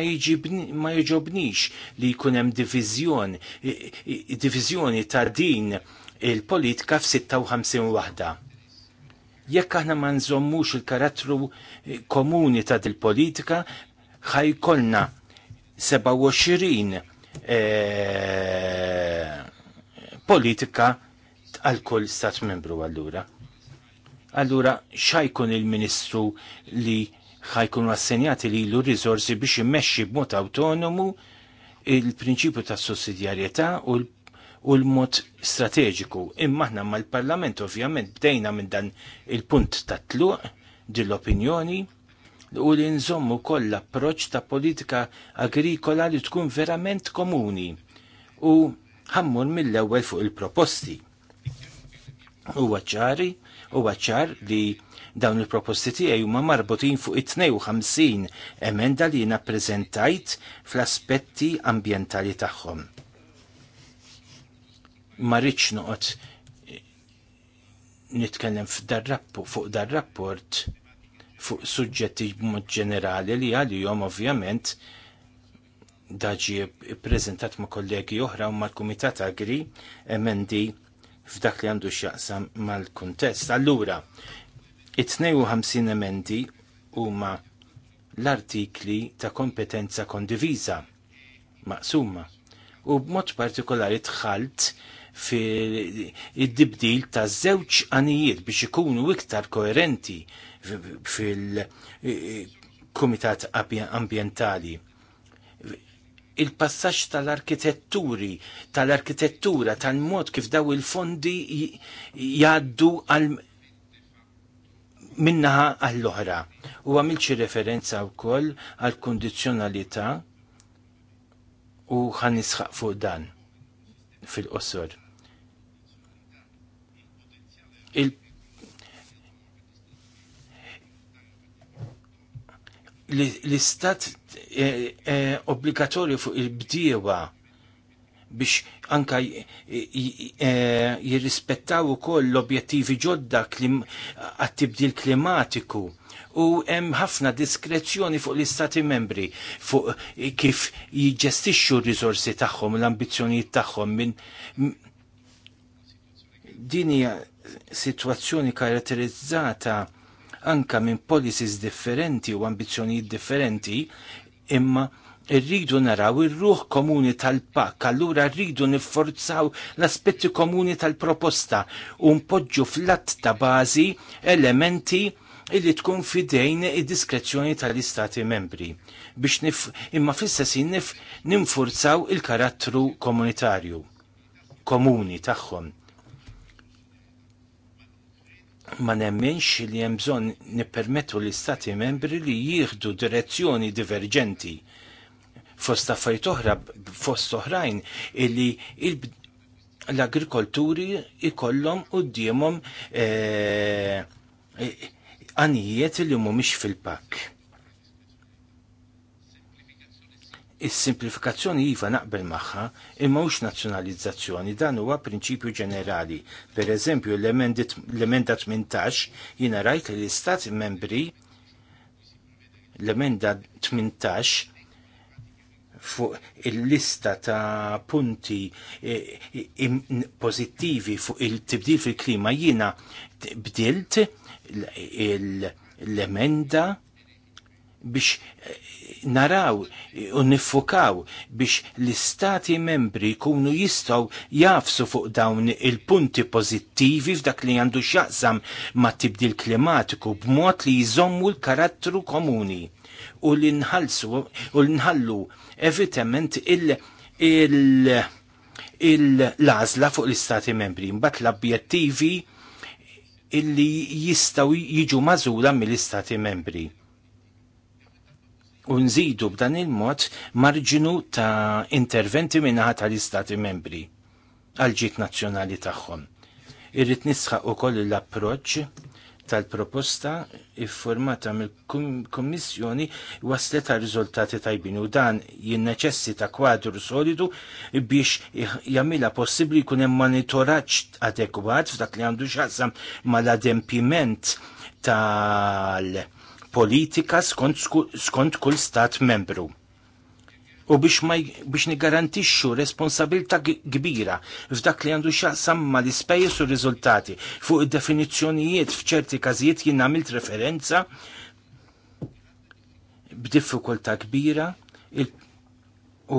jiġobnix li jkun hemm diviżjoni ta' din il-politika f'56 waħda Jekk aħna ma nżommux il-karattru eh, komuni ta' dil-politika, ħajkolna 27 eh, politika għal kull stat membru allura. Allura xajkun il-ministru li ħajkun assenjati li l risorsi biex immexxi b'mod autonomu il-prinċipju ta' sussidjarjetà u l u l-mod strateġiku. Imma aħna mal-Parlament ovvjament bdejna minn dan il-punt ta' tluq dil-opinjoni u li nżommu koll approċ ta' politika agrikola li tkun verament komuni u ħammur mill-ewwel fuq il-proposti. U għacċari, u għacċar li dawn il-proposti tiegħi huma marbutin fuq 52 emenda li jiena preżentajt fl-aspetti ambjentali tagħhom ma rridx noqgħod nitkellem fuq dar rapport fuq suġġetti mod ġenerali li għalihom ovvjament daġi prezentat ma' kollegi oħra u mal kumitat Agri emendi f'dak li għandu x'jaqsam mal-kuntest. Allura, it-52 emendi huma l-artikli ta' kompetenza kondivisa maqsuma u b'mod partikolari tħalt fil-dibdil ta' żewġ għanijiet biex ikunu iktar koerenti fil-Kumitat Ambientali. Il-passaġġ tal-arkitetturi, tal-arkitettura, tal-mod kif daw il-fondi jgħaddu għal minnaħa għall-oħra. U għamilċi referenza wkoll għal kondizjonalita u ħanisħaq fuq dan fil-qosor. Il l-istat eh, eh, obbligatorju fuq il-bdiewa biex anka eh, jirrispettaw u koll l-objettivi ġodda għat-tibdil klimatiku u hemm ħafna diskrezzjoni fuq l-istati membri fuq kif jiġestixxu r-riżorsi tagħhom, l-ambizzjonijiet tagħhom minn din hija sitwazzjoni karatterizzata anka minn policies differenti u ambizzjonijiet differenti imma rridu naraw ir-ruħ komuni tal pakk allura rridu nifforzaw l-aspetti komuni tal-proposta u npoġġu fl-att ta' bażi elementi illi tkun fidejn id-diskrezzjoni tal-istati membri biex nif, imma fl-istessin nif ninfurzaw il-karattru komunitarju komuni tagħhom. Ma nemmenx li hemm bżonn nippermettu l-istati membri li jieħdu direzzjoni diverġenti fost affarijiet oħra fost oħrajn illi l-agrikolturi ikollhom qudiemhom e, e, għanijiet li mhumiex fil-pakk. Is-simplifikazzjoni iva naqbel magħha imma mhux nazzjonalizzazzjoni dan huwa prinċipju ġenerali. Per eżempju l-emenda 18 jiena rajt li l-istati membri l-emenda 18 fuq il-lista ta' punti e, e, pozittivi fuq il-tibdil fil-klima jina bdilt l-emenda biex eh, naraw eh, u nifukaw biex l-istati membri jkunu jistaw jafsu fuq dawn il-punti pozittivi f'dak li għandu xaqsam ma' tibdil klimatiku b'mod li jżommu l-karattru komuni u li nħallsu u li nħallu evitament il- il- il-lazla fuq l-istati membri. mbagħad l-abjettivi illi jistaw jiġu mażula mill-istati membri. U nżidu b'dan il-mod marġinu ta' interventi minnaħat tal-istati membri għal ġit nazzjonali tagħhom. Irrid nisħaq ukoll l-approċċ tal-proposta iffurmata mill-Kummissjoni waslet għal riżultati tajbin u dan jinneċessita kwadru solidu biex jagħmilha possibbli jkun hemm monitoraġġ adekwat f'dak li għandu x'assam mal-adempiment tal-politika skont, skont kull stat membru u biex, ma, biex nigarantixxu responsabilta kbira f'dak li għandu xaqsam ma l-ispejjeż u r-riżultati fuq id-definizzjonijiet f'ċerti każijiet jien għamilt referenza b'diffikultà kbira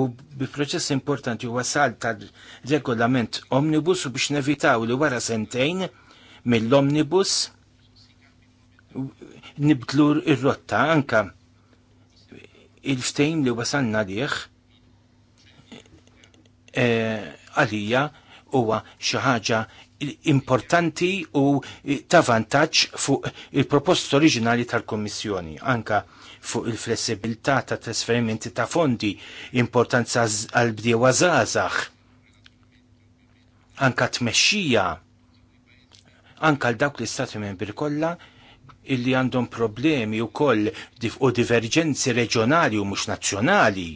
u bi proċess importanti u wasal tal-regolament omnibus u biex nevitaw li wara sentejn mill-omnibus nibdlu ir-rotta anka il ftejn li wasanna diħ eh, għalija huwa xi ħaġa importanti u ta' vantaġġ fuq il-propost oriġinali tal-Kommissjoni, anka fuq il-flessibilità ta' trasferimenti ta' fondi, importanza għal-bdiewa żgħażagħ, anka tmexxija, anka l-dawk l-istati membri kollha illi għandhom problemi u koll u diverġenzi reġjonali u mux nazzjonali.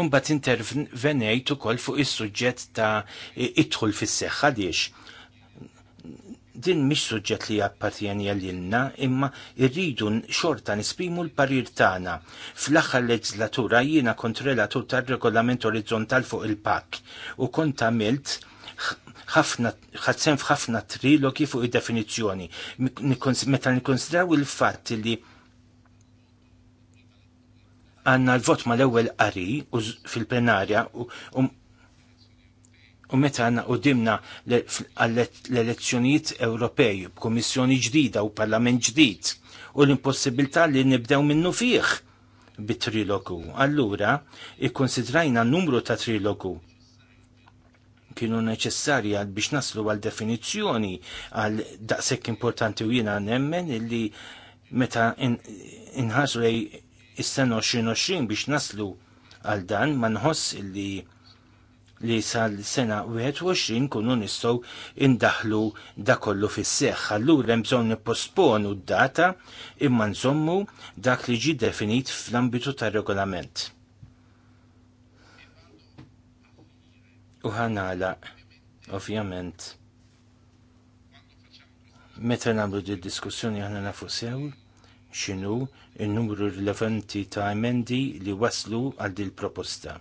Umbat intervenejt u koll fuq is-suġġett ta' idħul fis seħħa diex. Din mish suġġett li jappartjeni għallinna, imma irridu xorta nisbimu l-parir tagħna. Fl-aħħar leġislatura jiena kontrelatur tal regolament orizzontal fuq il-pak u kont għamilt ħafna ħadsen f'ħafna trilogi fuq id-definizzjoni. Meta nikkonsidraw il-fatt li għanna l-vot ma l-ewwel qari fil-plenarja u meta għanna u dimna l-elezzjonijiet Ewropej, komissjoni ġdida u Parlament ġdid, u l-impossibilità li nibdew minnu fiħ bit-trilogu. Allura, ikkonsidrajna numru ta' trilogu kienu neċessarji għal biex naslu għal definizzjoni għal daqshekk importanti u jiena nemmen illi meta inħarsu lej is-sena 2020 biex naslu għal dan ma nħoss illi li sal-sena 21 kunu nistow indaħlu da kollu fis-seħħ. Allura hemm bżonn nipposponu d-data imma nżommu dak li ġi definit fl-ambitu tar-regolament. u ħanala, ovvjament. Meta nagħmlu di diskussjoni aħna nafu sew x'inhu n-numru rilevanti ta' emendi li waslu għal il proposta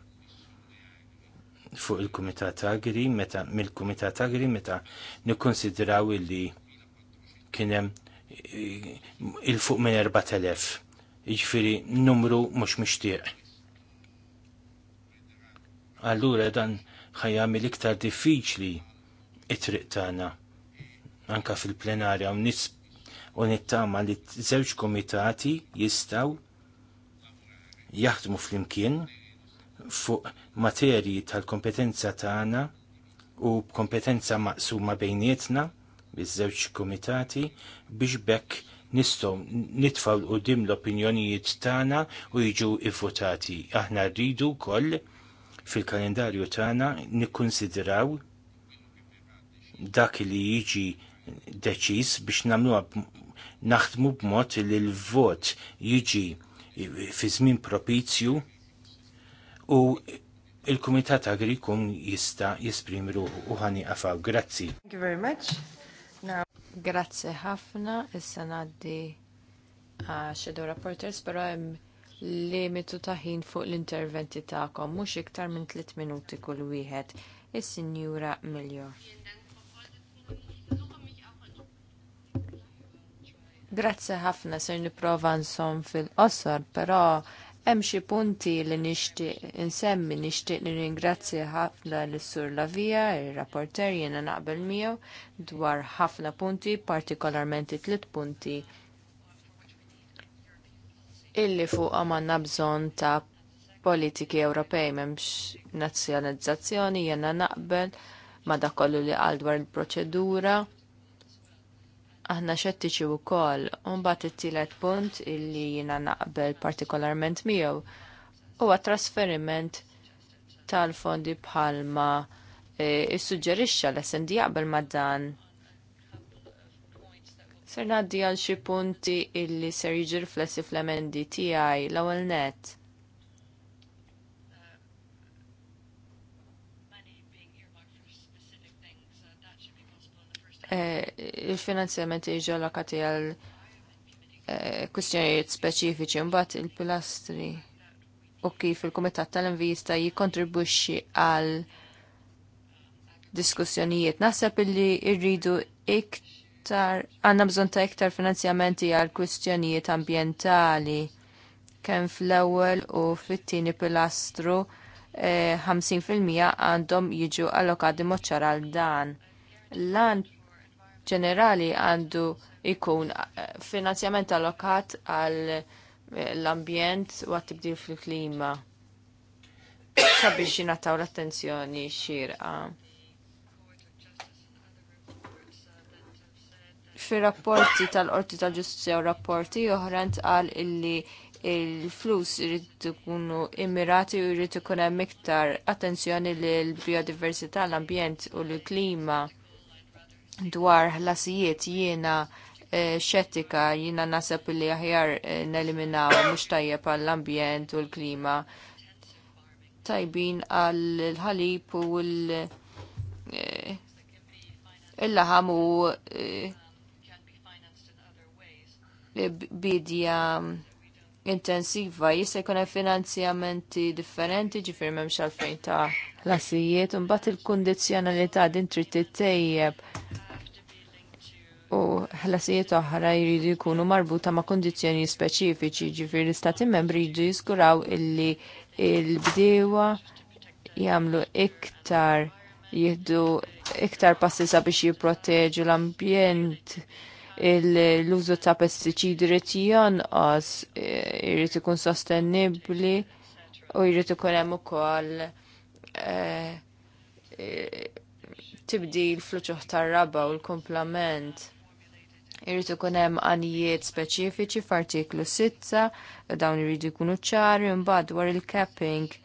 fuq il-Kumitat Agri meta mill-Kumitat Agri meta nikkonsidraw li kien hemm eh, il-fuq minn 4000. Jiġifieri numru mhux mixtieq. Allura dan ħajjamil iktar diffiċli it-triq tagħna anka fil-plenarja u nis u nittama li żewġ komitati jistaw jaħdmu fl-imkien fuq materji tal-kompetenza tagħna u kompetenza maqsuma bejnietna biż-żewġ komitati biex bekk nistgħu nitfgħu l qudiem l-opinjonijiet tagħna u jiġu ivvutati. Aħna rridu wkoll fil-kalendarju tagħna nikkunsidraw dak li jiġi deċiż biex nagħmlu naħdmu b'mod li l-vot jiġi fi żmien propizju u il-Kumitat Agrikum jista jesprimi ruħu u ħani għafaw. Grazzi. Thank you very much. Now... Grazzi ħafna, issa naddi għax uh, rapporters, pero hemm limitu ta' ħin fuq l-interventi tagħkom mhux iktar minn 3 minuti kull wieħed. Is-Sinjura Miljo. Grazzi ħafna ser nipprova nsom fil-qosor, però hemm xi punti li nixtieq insemmi nixtieq nirringrazzja ħafna lis sur Lavija, ir-rapporter jiena naqbel miegħu dwar ħafna punti, partikolarment tliet punti illi fuq għamanna bżonn ta' politiki Ewropej m'hemmx nazzjonalizzazzjoni jiena naqbel ma da kollu li qal dwar il-proċedura. Aħna xettiċi wkoll u mbagħad it-tielet punt illi jiena naqbel partikolarment miegħu huwa trasferiment tal-fondi bħalma eh, issuġġerixxa l-SND jaqbel ma dan Ser naddi għal xi punti illi ser jiġi riflessi fl-emendi tiegħi l-ewwel net. Eh, il-finanzjament jiġi allokati għal eh, kwistjonijiet speċifiċi mbagħad il-pilastri u kif il-Kumitat tal-Envi jista' jikkontribwixxi għal diskussjonijiet. Naħseb illi rridu iktar iktar, għanna bżon ta' iktar finanzjamenti għal kwistjonijiet ambientali kemm fl-ewwel u fit-tieni pilastru 50% e, għandhom jiġu allokati moċċar għal dan. l L-għan ġenerali għandu ikun e, finanzjament allokat għal e, l-ambjent u għattibdil fil-klima. Sabiex taw l-attenzjoni xirqa. fir-rapporti tal-Qorti tal-Ġustizzja u rapporti oħra tqal illi il-flus irrid ikunu immirati u jrid ikun hemm iktar attenzjoni lil biodiversità, l-ambjent u l-klima dwar ħlasijiet jiena eh, xettika jiena naħseb li aħjar eh, neliminaw mhux tajjeb għall-ambjent u l-klima tajbin għal ħalib u eh, l-laħam u bidja intensiva jista' jkun hemm finanzjamenti differenti ġifier m'hemmx għalfejn ta' ħlasijiet u mbagħad il-kundizzjonalità din trid tittejjeb u ħlasijiet oħra jridu jkunu marbuta ma' kondizjoni speċifiċi ġifir l-istati membri jridu jiskuraw illi il-bdewa jagħmlu iktar jihdu iktar passi sabiex jipproteġu l-ambjent l-użu ta' pestiċidi rrit jonqos, e, irrit ikun sostenibli u jrid ikun hemm ukoll e, e, tibdil l ċuħ tar-raba u l-komplement. Irrid ikun hemm għanijiet speċifiċi f'artiklu 6 dawn irridu jkunu ċari mbagħad dwar il-capping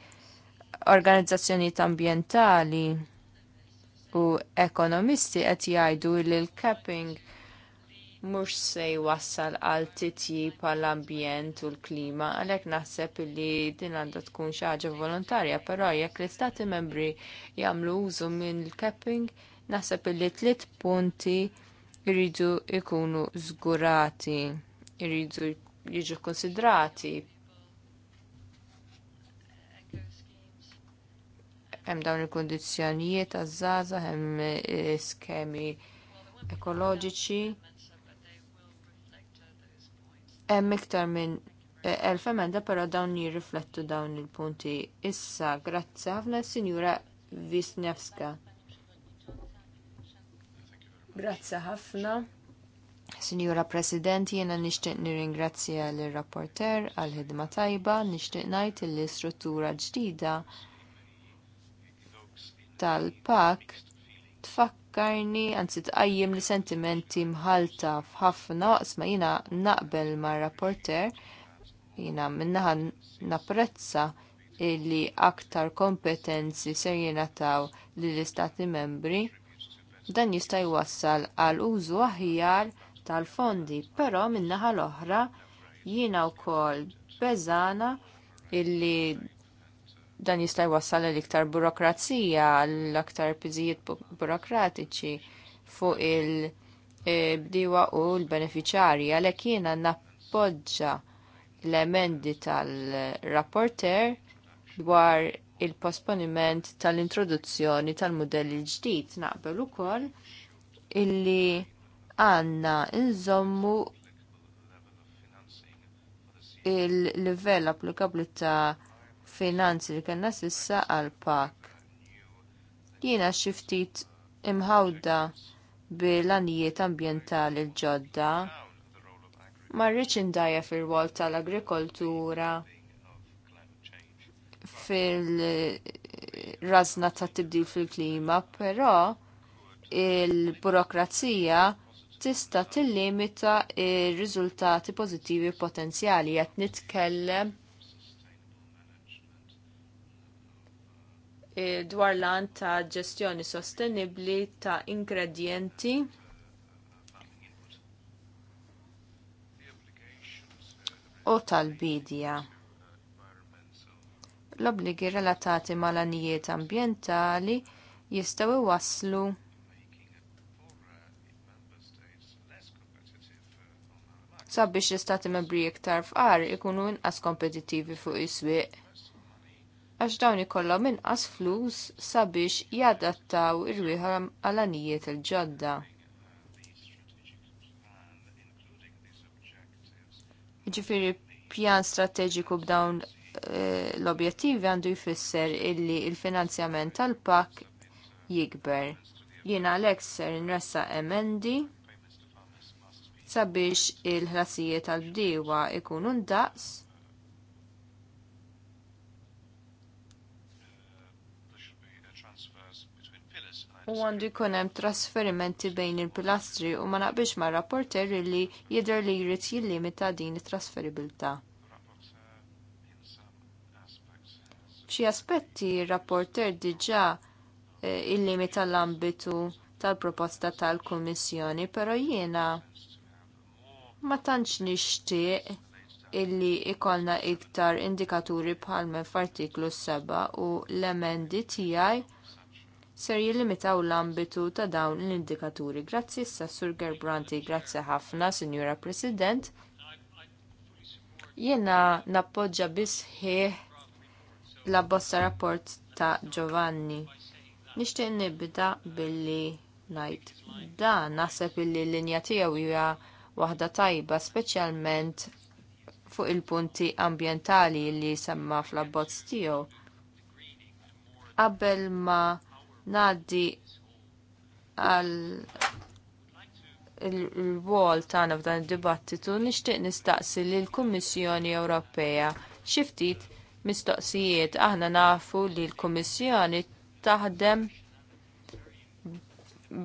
organizzazzjonijiet ambjentali u ekonomisti qed jgħidu li l-capping mhux se jwassal għal titjib għall ambjent u l-klima, għalhekk naħseb li din għandha tkun xi ħaġa volontarja, però jekk l-istati membri jagħmlu użu minn l-capping, naħseb li tliet punti jridu jkunu żgurati, jridu jiġu konsidrati hemm dawn il-kundizzjonijiet għaż-żgħażagħ, hemm eh, skemi ekoloġiċi hemm iktar minn eh, elf emenda però dawn jirriflettu dawn il-punti. Issa, grazzi ħafna Sinjura Wisniewska. Grazzi ħafna. Sinjura President, jiena nixtieq nirringrazzja l rapporter għal ħidma tajba, nixtieq ngħid li l-istruttura ġdida tal-pak tfakk tfakkarni, anzi tqajjem li sentimenti mħalta f'ħafna waqsma jina naqbel ma' rapporter, jina minnaħa napprezza illi aktar kompetenzi ser jenataw lill istati membri, dan jista' jwassal għal użu aħjar tal-fondi, però min-naħa l-oħra jiena wkoll beżana illi dan jista' jwassal l-iktar burokrazija, l-aktar piżijiet burokratiċi fuq il-bdiwa e, u l-beneficjari, għalhekk jiena nappoġġa l-emendi tal-rapporter dwar il-posponiment tal-introduzzjoni tal-modelli ġdid naqbel ukoll illi għanna nżommu il-livell applikabli ta' finanzi li kellna sissa għal pak. Jiena xi ftit imħawda bil-anijiet ambjentali l-ġodda ma rridx indajja fil-wol tal-agrikoltura fil-razna ta' tibdil fil-klima, però il-burokrazija tista tillimita il-riżultati pożittivi potenzjali qed nitkellem Eh, dwar lan ta' ġestjoni sostenibbli ta' ingredienti. u tal-bidja. l obbligi relatati mal-anijiet ambjentali jistgħu iwasslu sabiex l-istati membri iktar fqar ikunu inqas kompetitivi fuq is-swieq għax dawn ikollhom inqas flus sabiex jadattaw irwieħhom għal anijiet il-ġodda. Ġifiri pjan strateġiku b'dawn eh, l-objettivi għandu jfisser illi il-finanzjament tal-pak jikber. Jiena għalhekk ser nressa emendi sabiex il-ħlasijiet tal-bdiewa ikunu ndaqs u għandu jkun hemm trasferimenti bejn il-pilastri u ma naqbilx ma' rapporter li jidher li jrid jillimita din it-trasferibilità. F'xi aspetti rapporter diġà eh, illimita l-ambitu tal-proposta tal-Kummissjoni, però jiena ma tantx nixtieq illi ikollna iktar indikaturi bħalmen f'artiklu 7 u l-emendi tiegħi ser jillimitaw l-ambitu ta' dawn l-indikaturi. Grazzi issa Sur Gerbranti, grazzi ħafna, Sinjura President. Jena nappoġġa bisħieħ la bossa rapport ta' Giovanni. Nixtieq nibda billi ngħid dan naħseb illi l-linja tiegħu hija waħda tajba speċjalment fuq il-punti ambjentali li semma fl-abbozz tiegħu. Qabel ma' Naddi għal il-wol tagħna f'dan id-dibattitu nixtieq nistaqsi lill kummissjoni Ewropea xiftit ftit mistoqsijiet aħna nafu li l-Kummissjoni taħdem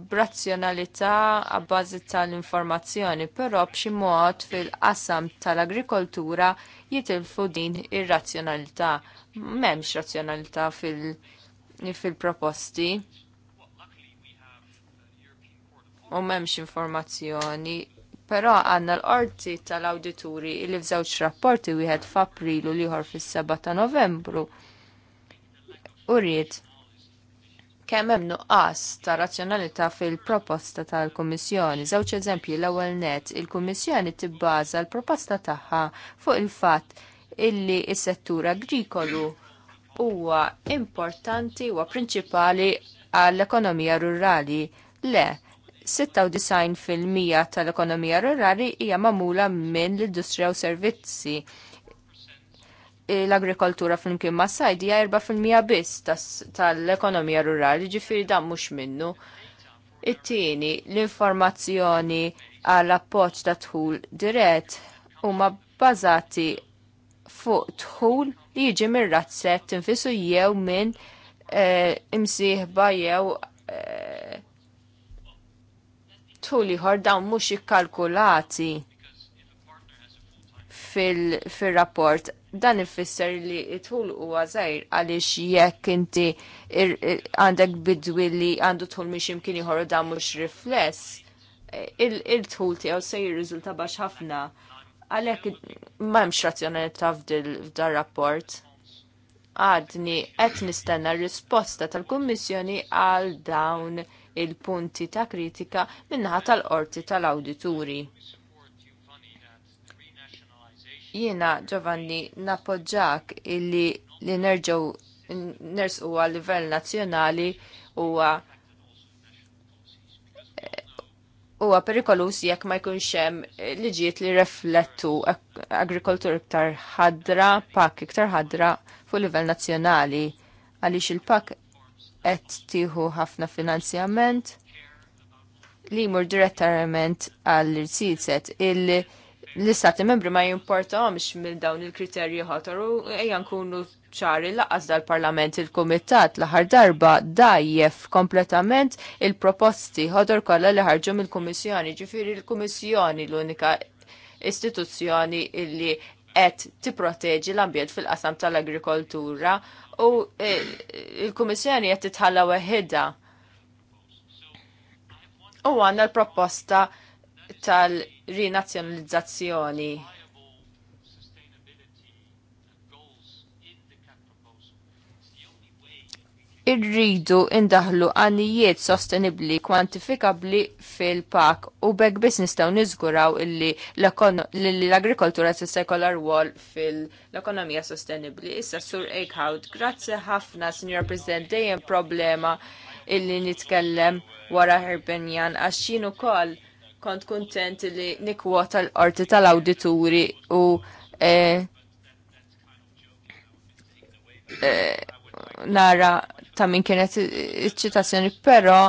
b'razzjonalità għabbażi tal-informazzjoni, però b'xi mod fil-qasam tal-agrikoltura jitilfu din ir-razzjonalità. M'hemmx razzjonalità fil-, -razzjonalità fil-proposti u memx informazzjoni, però għanna l-orti tal-awdituri li f'żewġ rapporti wieħed f'Aprilu liħor fis-7 ta' Novembru. U rrit kemm hemm nuqqas ta' razzjonalità fil-proposta tal-Kummissjoni. Żewġ eżempji l-ewwel net, il komissjoni tibbaża l-proposta tagħha fuq il-fatt illi s-settur agrikolu huwa importanti huwa prinċipali għall-ekonomija rurali. Le, 96% tal-ekonomija rurali hija magħmula minn l-industrija u servizzi l-agrikoltura flimkien ma' sajdi hija 4% biss tal-ekonomija rurali, ġifieri dan mhux minnu. It-tieni l-informazzjoni għall appoġġ ta' tħul dirett huma bbażati fuq tħul li jiġi minn razzet tinfisu jew minn eh, imsieħba jew eh, tħul ieħor dawn mhux ikkalkulati fil-rapport dan ifisser li tħul huwa żgħir għaliex jekk inti għandek bidwi li għandu tħul miex imkien ieħor dan mhux rifless, eh, il-tħul tiegħu se jirriżulta bax ħafna Għalek m'hemmx razzjonalità f'dar rapport. Għadni qed nistenna risposta tal-Kummissjoni għal dawn il-punti ta' kritika minnaħa tal-qorti tal-awdituri. Jiena Giovanni napoġġak illi li nerġgħu nersqu għal livell nazzjonali huwa huwa perikolus jekk ma jkunx hemm liġijiet li riflettu agrikoltur iktar ħadra, pak iktar ħadra fuq livell nazzjonali għaliex il-pak qed tieħu ħafna finanzjament li jmur direttament għall irsiset il-, l-istati membri ma jimportawmx mill dawn il-kriterji ħatar u ejja nkunu ċari laqas dal-parlament il-komitat laħar darba dajjef kompletament il-proposti ħodor kollha li ħarġu mill-Kummissjoni, ġifiri l komissjoni l-unika istituzzjoni illi qed tipproteġi l-ambjent fil-qasam tal-agrikoltura u eh, il komissjoni qed titħalla weħida. U għandna l-proposta tal- rinazzjonalizzazzjoni. Irridu indaħlu għanijiet sostenibli kwantifikabli fil-pak u bekk biss nistgħu niżguraw illi l-agrikoltura se jkollha rwol fil-ekonomija sostenibbli. Issa sur Eichhout, grazzi ħafna, Signor President, dejjem problema illi nitkellem wara Herbenjan għax xinu ukoll kont kontent li nikwota l-qorti tal-awdituri u e, e, nara ta' min kienet iċ-ċitazzjoni, però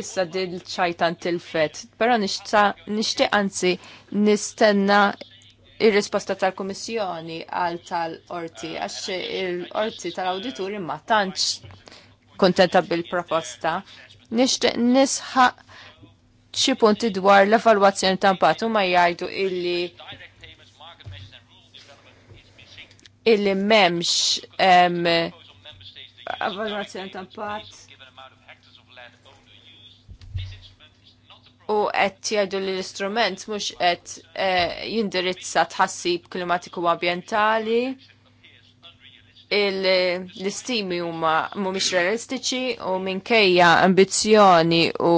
issa dil ċajtan til-fet. Però nixtieq anzi nistenna ir-risposta tal-Kummissjoni għal tal-Orti, għax il-Orti tal-Awdituri ma tantx kontenta bil-proposta. Nixtieq nisħaq xi punti dwar l-evalwazzjoni ta' impatt huma jgħidu illi illi m'hemmx evalwazzjoni ta' impatt u qed jgħidu li l-istrument mhux qed eh, jindirizza tħassib klimatiku ambjentali l-istimi huma mhumiex realistiċi u minkejja ambizzjoni u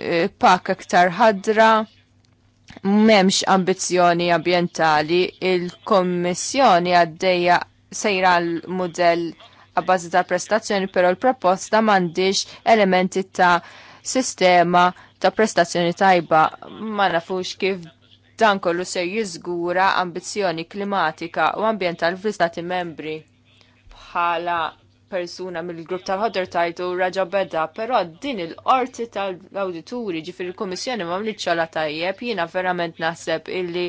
Eh, pak aktar ħadra memx ambizjoni ambientali, il-Kommissjoni għaddeja sejra l-modell għabbażi ta' prestazzjoni, pero l-proposta mandiġ elementi ta' sistema ta' prestazzjoni tajba. Ma nafux kif dan kollu se jiżgura ambizjoni klimatika u ambiental fl-Istati membri bħala persuna mill-grupp tal ħodder tajtu raġa beda, però din il-qorti tal-awdituri ġifir il-Komissjoni ma mliċċala tajjeb, jiena verament naħseb illi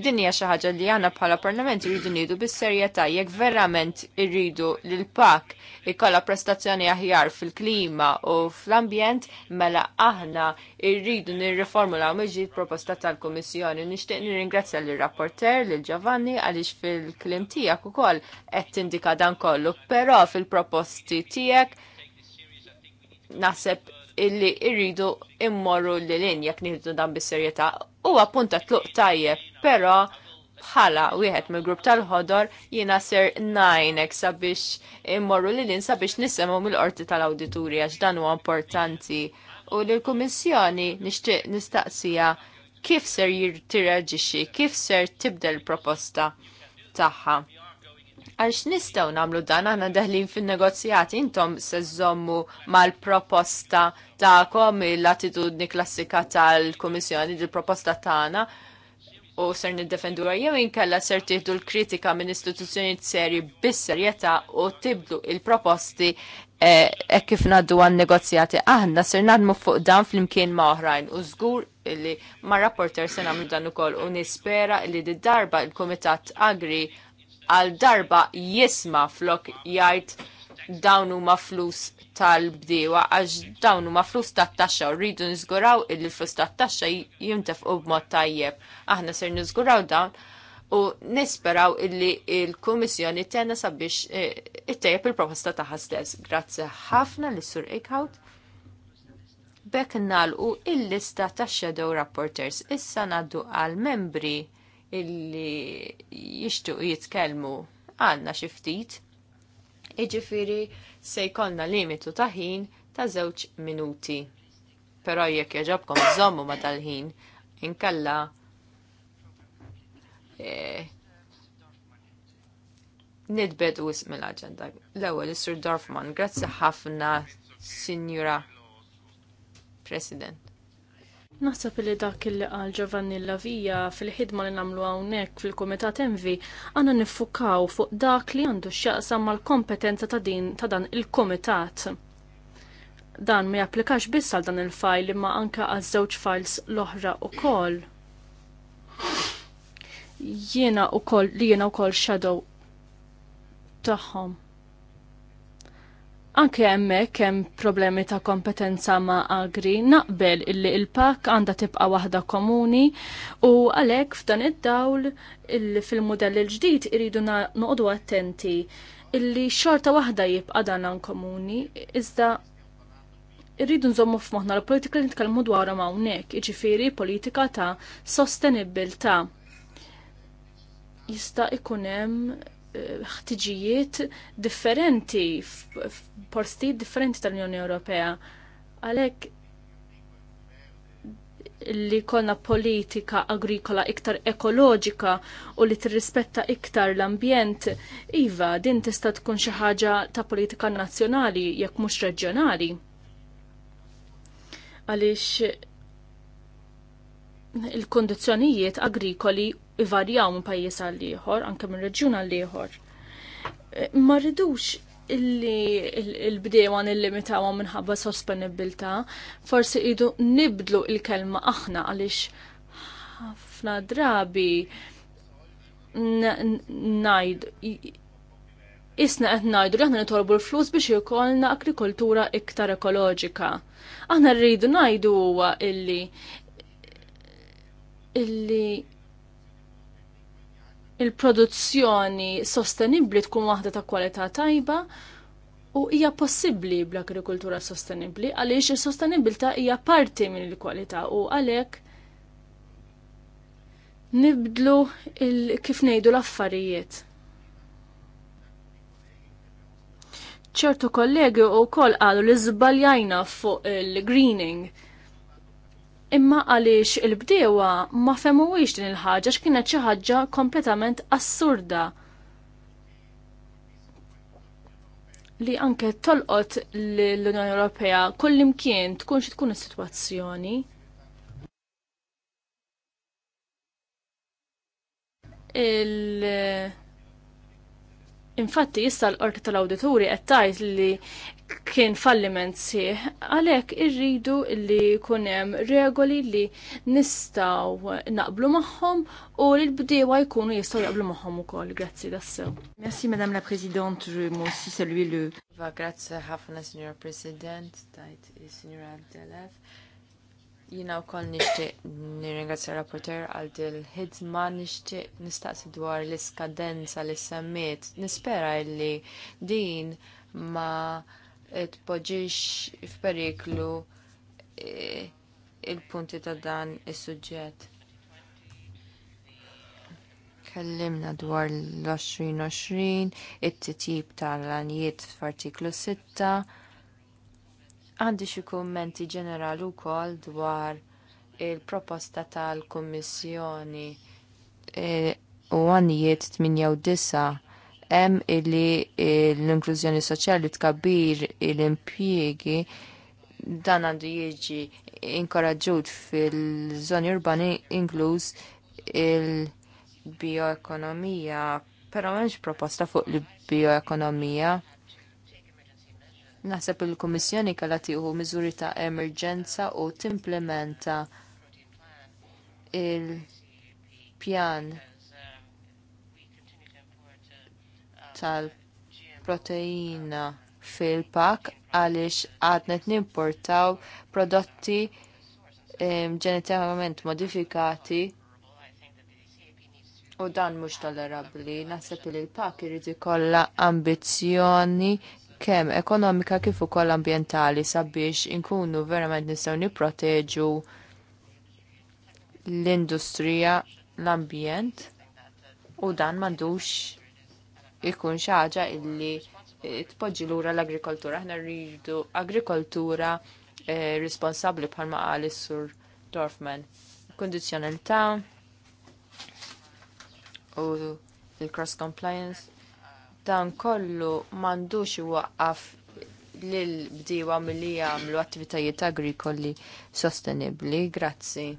Din hija xi ħaġa li għandna bħala Parlament irridu nieħdu bis-serjetà jekk verament irridu l pak ikolla prestazzjoni aħjar fil-klima u fl-ambjent mela aħna irridu nirriformulaw miġi proposta tal-Kummissjoni. Nixtieq nirringrazzja lir rapporter lil Giovanni għaliex fil-klim tiegħek ukoll qed tindika dan kollu, però fil-proposti tiegħek naħseb illi irridu immorru l in jekk nieħdu dan bis-serjetà. Huwa punta tluq tajjeb, però bħala wieħed mill-grupp tal-ħodor jiena ser najnek sabiex immorru l in sabiex nisemgħu mill-qorti tal-awdituri għax dan huwa importanti. U l-Kummissjoni nixtieq nistaqsija kif ser jirtiraġixxi, kif ser tibdel proposta tagħha għax nistaw namlu dan għana daħlin fin-negozjati intom se żommu mal-proposta ta'kom l-attitudni klassika tal-Komissjoni dil-proposta tagħna u ser niddefendu jew inkella ser tiħdu l-kritika minn istituzzjonijiet seri bis-serjetà u tibdu il-proposti e, e kif naddu għan negozjati aħna ser nadmu fuq dan fl-imkien ma' oħrajn u żgur li ma' rapporter se nagħmlu dan ukoll u nispera li d-darba il-Kumitat Agri għal darba jisma flok jajt dawn huma flus tal-bdiewa għax dawn huma flus tat-taxxa u rridu niżguraw illi flus tat-taxxa b b'mod tajjeb. Aħna ser niżguraw dawn u nisperaw illi il-Kummissjoni tena sabiex eh, it-tajjeb il-proposta taħħa stess. Grazzi ħafna lis sur Eichhout. Bekk nalqu il-lista tax shadow rapporters issa naddu għal membri illi jixtuq jitkellmu għandna xi ftit. se jkollna limitu ta' ħin ta' żewġ minuti. Però jekk jaġobkom żommu ma' tal-ħin, inkella eh, nidbed u ism l-agenda. L-ewwel is-Sur Dorfman, grazzi ħafna, Sinjura President. Naħseb li dak il għal Giovanni Lavija fil-ħidma li namlu hawnhekk fil-Kumitat Envi għandna niffukaw fuq dak li għandu x'jaqsam mal-kompetenza ta' din ta' dan il-Kumitat. Dan ma japplikax biss għal dan il-fajl imma anka għal żewġ files l-oħra ukoll. Jiena ukoll li jiena ukoll xadow tagħhom. Anke hemmhekk hemm problemi ta' kompetenza ma' agri naqbel illi il-pak għandha tibqa' waħda komuni u għalhekk f'dan id-dawl fil-mudell il-ġdid iridu noqogħdu attenti illi xorta waħda jibqa' dan komuni iżda irridu nżommu f'moħħna l-politika li nitkellmu dwarhom hawnhekk, jiġifieri politika ta' sostenibilità. Jista' ikun hemm ħtiġijiet differenti f'postijiet differenti tal-Unjoni Ewropea. Għalhekk li konna politika agrikola iktar ekoloġika u li tirrispetta iktar l-ambjent, iva din tista' tkun xi ħaġa ta' politika nazzjonali jekk mhux reġjonali. Għaliex il-kondizzjonijiet agrikoli ivarjaw minn pajjiż għal ieħor, anke minn reġjun għal ieħor. Eh, ma rridux illi il-bdewa nillimitawa minħabba sostenibilità, forsi idu nibdlu il-kelma aħna għaliex ħafna drabi najd isna qed ngħidu li aħna nitolbu l-flus biex ikollna agrikoltura iktar ekoloġika. Aħna rridu ngħidu huwa illi illi il-produzzjoni sostenibbli tkun waħda ta' kwalità tajba u hija possibbli bl-agrikoltura sostenibbli għaliex is-sostenibilità hija parti minn il-kwalità u għalhekk nibdlu il kif ngħidu l-affarijiet. ċertu kollegi u koll għalu li zbaljajna fuq il-greening imma għaliex il-bdewa ma femuwix din il-ħaġa x'kienet xi ħaġa kompletament assurda li anke tolqot l-Unjoni Ewropea kull imkien tkun xi tkun is-sitwazzjoni. Il... Infatti issa l-qorti tal-awdituri qed tgħid li kien falliment sieħ, għalhekk irridu li jkun hemm regoli li nistgħu naqblu magħhom u li l bdewa jkunu jistgħu jaqblu magħhom ukoll. Grazzi das-sew. Merci Madame la President je aussi salue le. Va grazzi ħafna Signora President, tajt Signora Abdelef. Jina u koll nishti nirringrazzja rapporter għal dil ħidma nishti nistaqsi dwar l-iskadenza li semmiet. Nispera illi din ma' tpoġġix f'periklu e, il-punti ta' dan is-suġġett. Kellimna dwar l-2020, it-titjib tal-għanijiet f'artiklu 6, għandi xi kummenti ġenerali wkoll dwar il-proposta tal-Kummissjoni e, u għanijiet 8 u 9 hemm illi l-inklużjoni soċjali tkabbir l-impjiegi dan għandu jiġi inkoraġġut fil-żoni urbani inkluż il-bioekonomija, però m'hemmx proposta fuq il-bioekonomija. Naħseb il-Kummissjoni kellha tieħu miżuri ta' emerġenza u timplementa il-pjan tal-proteina fil-pak għaliex għadnet nimportaw prodotti ġenetikament modifikati u dan mhux tollerabbli. Naħseb li l-pak irid ikollha ambizzjoni kemm ekonomika kif ukoll ambjentali sabiex inkunu verament nistgħu nipproteġu l-industrija, l-ambjent u dan m'għandux ikun xaġa illi eh, tpoġġi lura l-agrikoltura. Aħna rridu agrikoltura eh, responsabli bħalma qal is-sur Dorfman. Kondizjonalità u il-cross compliance dan kollu m'għandux iwaqqaf lil bdiewa milli jagħmlu attivitajiet agrikoli sostenibbli. Grazzi.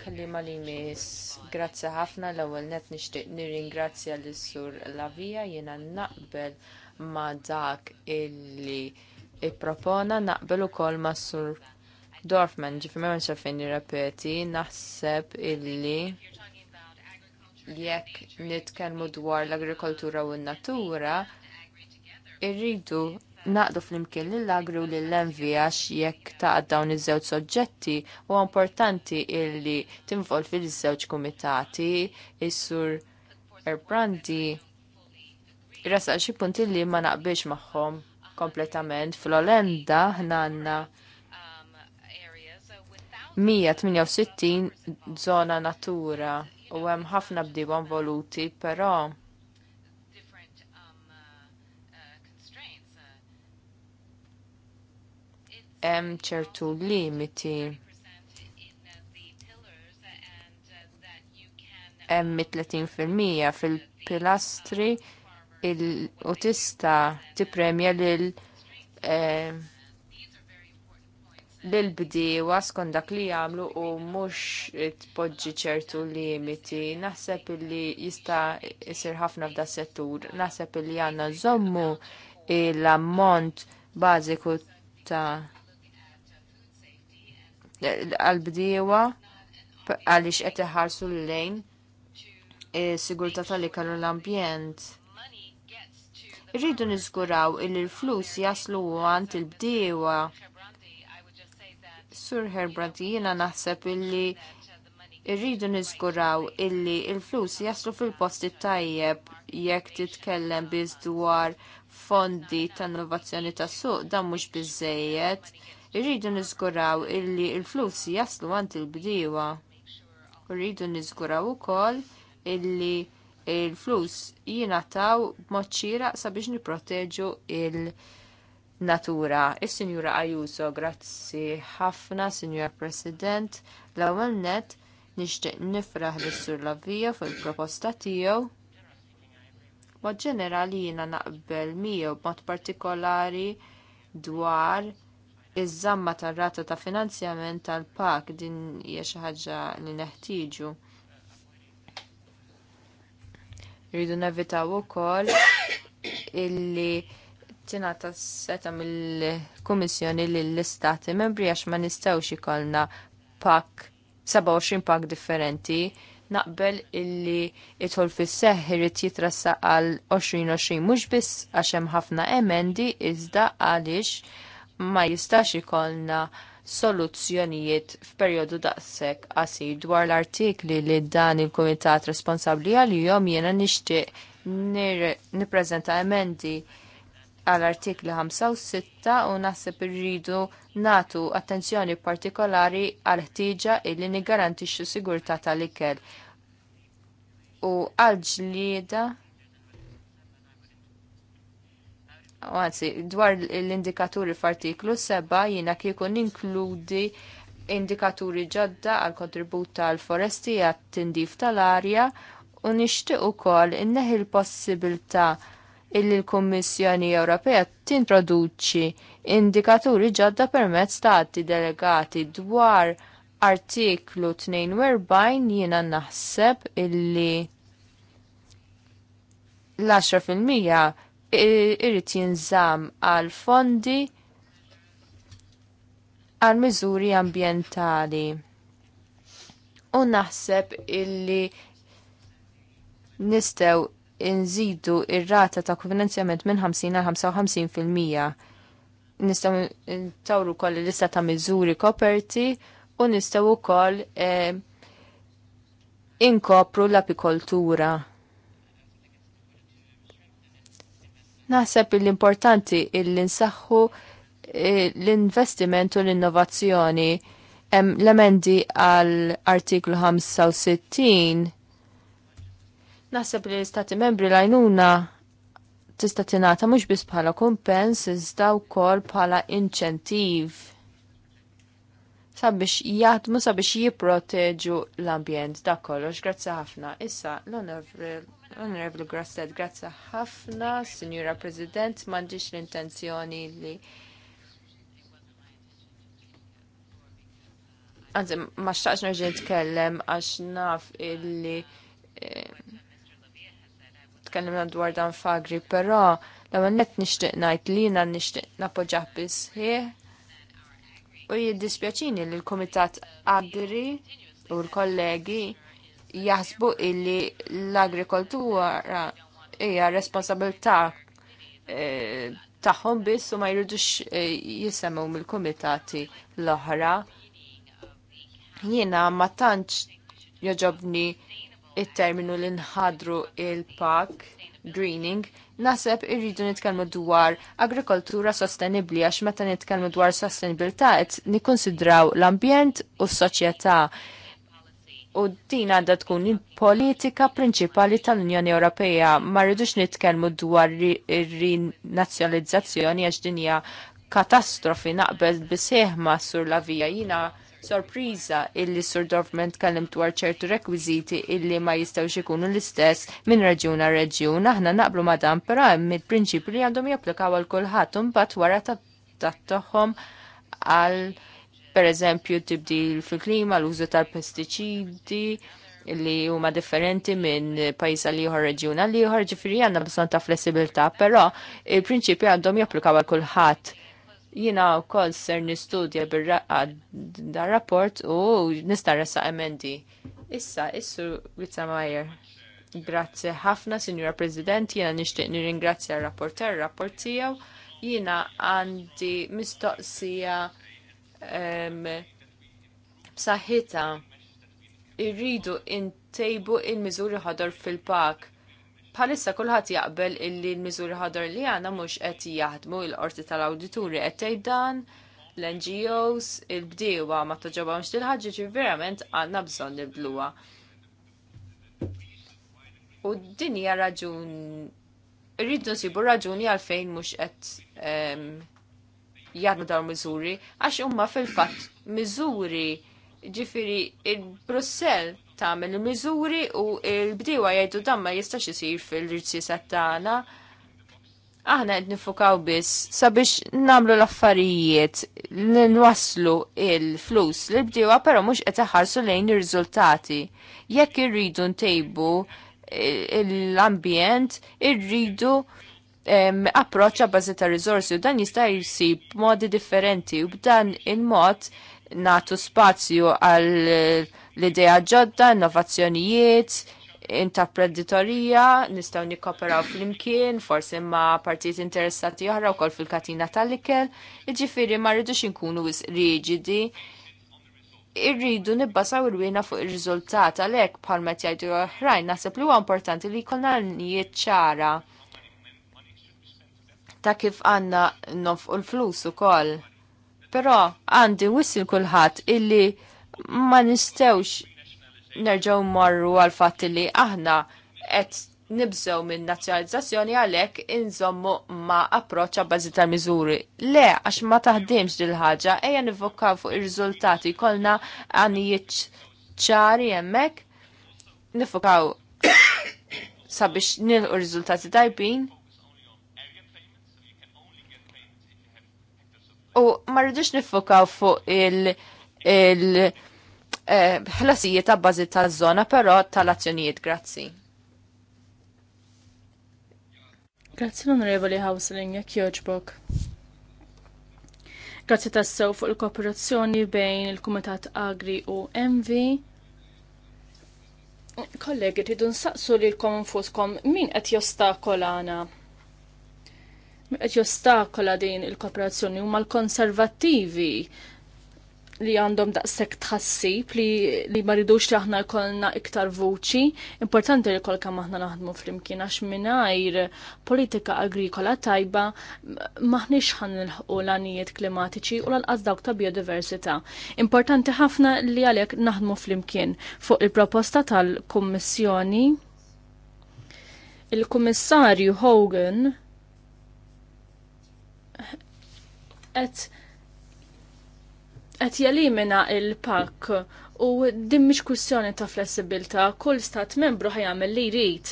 Kallima li mis, grazzi ħafna l ewwel net nixtieq nirringrazzja lis sur Lavija jiena naqbel ma dak illi ippropona naqbel ukoll ma sur Dorfman ma għanxa fejn nirrepeti naħseb illi jekk nitkellmu dwar l-agrikoltura u n-natura irridu naqdu fl-imkien lill-agru lill-envi għax jekk taqad dawn iż-żewġ soġġetti huwa importanti illi tinvolvi l-żewġ kumitati is-sur Erbrandi rasa xi punti li ma naqbilx magħhom kompletament fl-Olenda ħnanna 168 zona natura u hemm ħafna bdiba involuti, però hemm ċertu limiti hemm 30% fil-pilastri u tista tippremja lil eh, lil bdiewa skont dak li jagħmlu u mhux tpoġġi ċertu limiti. Naħseb li jista' jsir ħafna f'da settur. Naħseb li għandna nżommu l-ammont bażiku ta' għal-bdiewa għaliex qed iħarsu l-lejn sigurtà tal ikel u l-ambjent. Irridu niżguraw il l-flus jaslu għand il-bdiewa. Sur Herbrandi jiena naħseb illi irridu niżguraw illi l flus jaslu fil-posti tajjeb jekk titkellem biż dwar fondi ta' innovazzjoni tas suq dan mhux biżejjed Irridu niżguraw illi il-flus jaslu għand il-bdiewa. Irridu niżguraw ukoll illi il-flus jinataw b'mod xieraq sabiex nipproteġu il- natura. Is-Sinjura Ajuso, grazzi ħafna, Sinjura President, l-ewwel net nixtieq nifraħ l sur Lavija fuq il-proposta tiegħu. Mod ġenerali jiena naqbel miegħu b'mod partikolari dwar iż-żamma tar-rata ta' finanzjament tal-pak din hija xi ħaġa li neħtieġu. Rridu nevitaw ukoll illi tingħata seta mill-Kummissjoni lill-Istati membri għax ma nistgħux ikollna pak 27 pak differenti naqbel illi idħol fis seħħ irid jitrassaq għal 2020 mhux biss għax hemm ħafna emendi iżda għaliex ma jistax ikollna soluzzjonijiet f'perjodu daqshekk qasir dwar l-artikli li dan il-kumitat responsabbli għalihom jiena nixtieq nippreżenta emendi għall artikli 5 u 6 u naħseb irridu natu attenzjoni partikolari għal ħtieġa li nigarantixxu sigurtà tal-ikel u għal ġlieda għanzi, dwar l-indikaturi f'artiklu seba' jina kieku ninkludi indikaturi ġodda għal kontribut tal-foresti għat tindif tal-arja u nixtieq ukoll inneħi il possibilità illi l-Kummissjoni Ewropea tintroduċi indikaturi ġodda permezz ta' għatti delegati dwar artiklu 42 jiena naħseb illi l-10% irrid jinżamm għal fondi għal miżuri ambjentali. U naħseb illi nistgħu nżidu ir-rata ta' kofinanzjament minn 50 għal 55 fil-mija. Nistgħu ntawru koll lista ta' miżuri koperti u nistgħu wkoll eh, inkopru l-apikoltura Naħseb l-importanti il nsaħħu eh, l-investiment u l-innovazzjoni l-emendi għal artiklu 65 Naħseb li l-istati membri lajnuna tista' tingħata mhux biss bħala kumpens iżda wkoll bħala inċentiv sabiex jaħdmu sabiex jipproteġu l-ambjent da kollox. Grazzi ħafna. Issa, l onorevlu Grasset, grazzi ħafna, Signora President, mandiġ l-intenzjoni li. Għanzi, ma xtaqx t-kellem għax naf illi. Eh, t-kellem dwar dan fagri, però l-għamil nishtiq najt li jina nishtiq napoġaħ U jiddispjaċini li l-Komitat Agri u l-kollegi jaħsbu illi l-agrikoltura hija responsabilità eh, tagħhom biss u ma jridux eh, jisemgħu mill-kumitati l-oħra. Jiena ma tantx joġobni it-terminu li nħadru il-pak greening Naseb irridu nitkellmu dwar agrikoltura sostenibli għax meta nitkellmu dwar sostenibilità qed nikkonsidraw l-ambjent u s-soċjetà. U din għandha tkun il-politika prinċipali tal-Unjoni Ewropea. Ma rridux nitkellmu dwar rinazzjonalizzazzjoni għax din hija katastrofi naqbel bisieħ ma' sur la vija jina sorpriża illi Sur Dorfment kallim dwar ċertu rekwiżiti illi ma jistgħux ikunu l-istess minn reġjun għal reġjun. Aħna naqblu ma dan però hemm il-prinċipju li għandhom japplikaw għal kulħadd imbagħad wara tagħhom għal pereżempju tibdil fil-klima, l-użu tal-pestiċidi li huma differenti minn pajjiż għal ieħor reġjun għal ieħor ġifieri għandna bżonn ta' flessibilità, però il-prinċipju għandhom japplikaw għal kulħadd Jina u kol ser nistudja bil-raqqa da rapport u nistarra sa' emendi. Issa, issu Rita Majer. Grazie ħafna, Signora President, jina nishtiq nir-ingrazzja rapporter, rapport Jina għandi mistoqsija um, b'saħħita irridu intejbu il-miżuri ħadar fil-pak bħalissa kulħadd jaqbel illi l-miżuri ħadar li għandna mhux qed jaħdmu l-qorti tal-awdituri qed tgħid dan l-NGOs il-bdiewa ma toġobhomx dil-ħaġa ġi verament għandna bżonn nibluha. U din hija raġun irridu nsibu raġuni għalfejn mhux qed ehm, jaħdmu dawn miżuri għax huma fil-fatt miżuri ġifiri il-Brussell tagħmel il-miżuri u l-bdiewa jgħidu dan ma jistax isir fil-irċisat tagħna. Aħna qed nifukaw biss sabiex nagħmlu l-affarijiet li nwasslu il-flus l-bdiewa però mhux qed iħarsu lejn ir-riżultati. Jekk irridu ntejbu l-ambjent, irridu approċċa bażi ta' riżorsi u dan jista' jsib modi differenti u b'dan il-mod natu spazju għal l-idea ġodda, innovazzjonijiet, intraprenditorija, nistgħu nikkoperaw flimkien, forsi ma' partijiet interessati oħra wkoll fil-katina tal-ikel, jiġifieri ma rridux inkunu riġidi irridu nibbasaw irwina fuq ir-riżultat għalhekk bħalma jgħidu oħrajn naħseb li huwa importanti li jkollna nijiet ċara ta' kif għandna nofqu l-flus ukoll. Però għandi wissil kulħadd illi ma nistewx nerġaw marru għal fatt li aħna qed nibżew minn nazzjonalizzazzjoni għalhekk inżommu ma approċċ bażi ta' miżuri. Le, għax ma taħdimx dil ħaġa ejja nivvokaw fuq ir-riżultati kollna għanijiet ċari hemmhekk nifokaw sabiex nilqu riżultati tajbin. U ma rridux nifokaw fuq il- il-ħlasijiet eh, ta' bażi taż-żona, però tal-azzjonijiet. Grazzi. Grazzi l-Onorevoli Hausling, jekk joġbok. Grazzi tassew fuq il-kooperazzjoni bejn il-Kumitat Agri u MV. Kollegi, rridu nsaqsu li l-kom infuskom min qed jostakolana. Min qed jostakola din il-kooperazzjoni huma l-konservattivi li għandhom daqshekk tħassib li, li ma ridux li aħna jkollna iktar vuċi, importanti li kol kemm aħna naħdmu flimkien għax mingħajr politika agrikola tajba maħniex ħan nilħqu l-għanijiet klimatiċi u lanqas dawk ta' biodiversità. Importanti ħafna li għalhekk naħdmu flimkien fuq il-proposta tal-Kummissjoni il-Kummissarju Hogan qed qed jelimina il-pak u din mhix kwistjoni ta' flessibilità, kull stat membru ħajamel li jrid.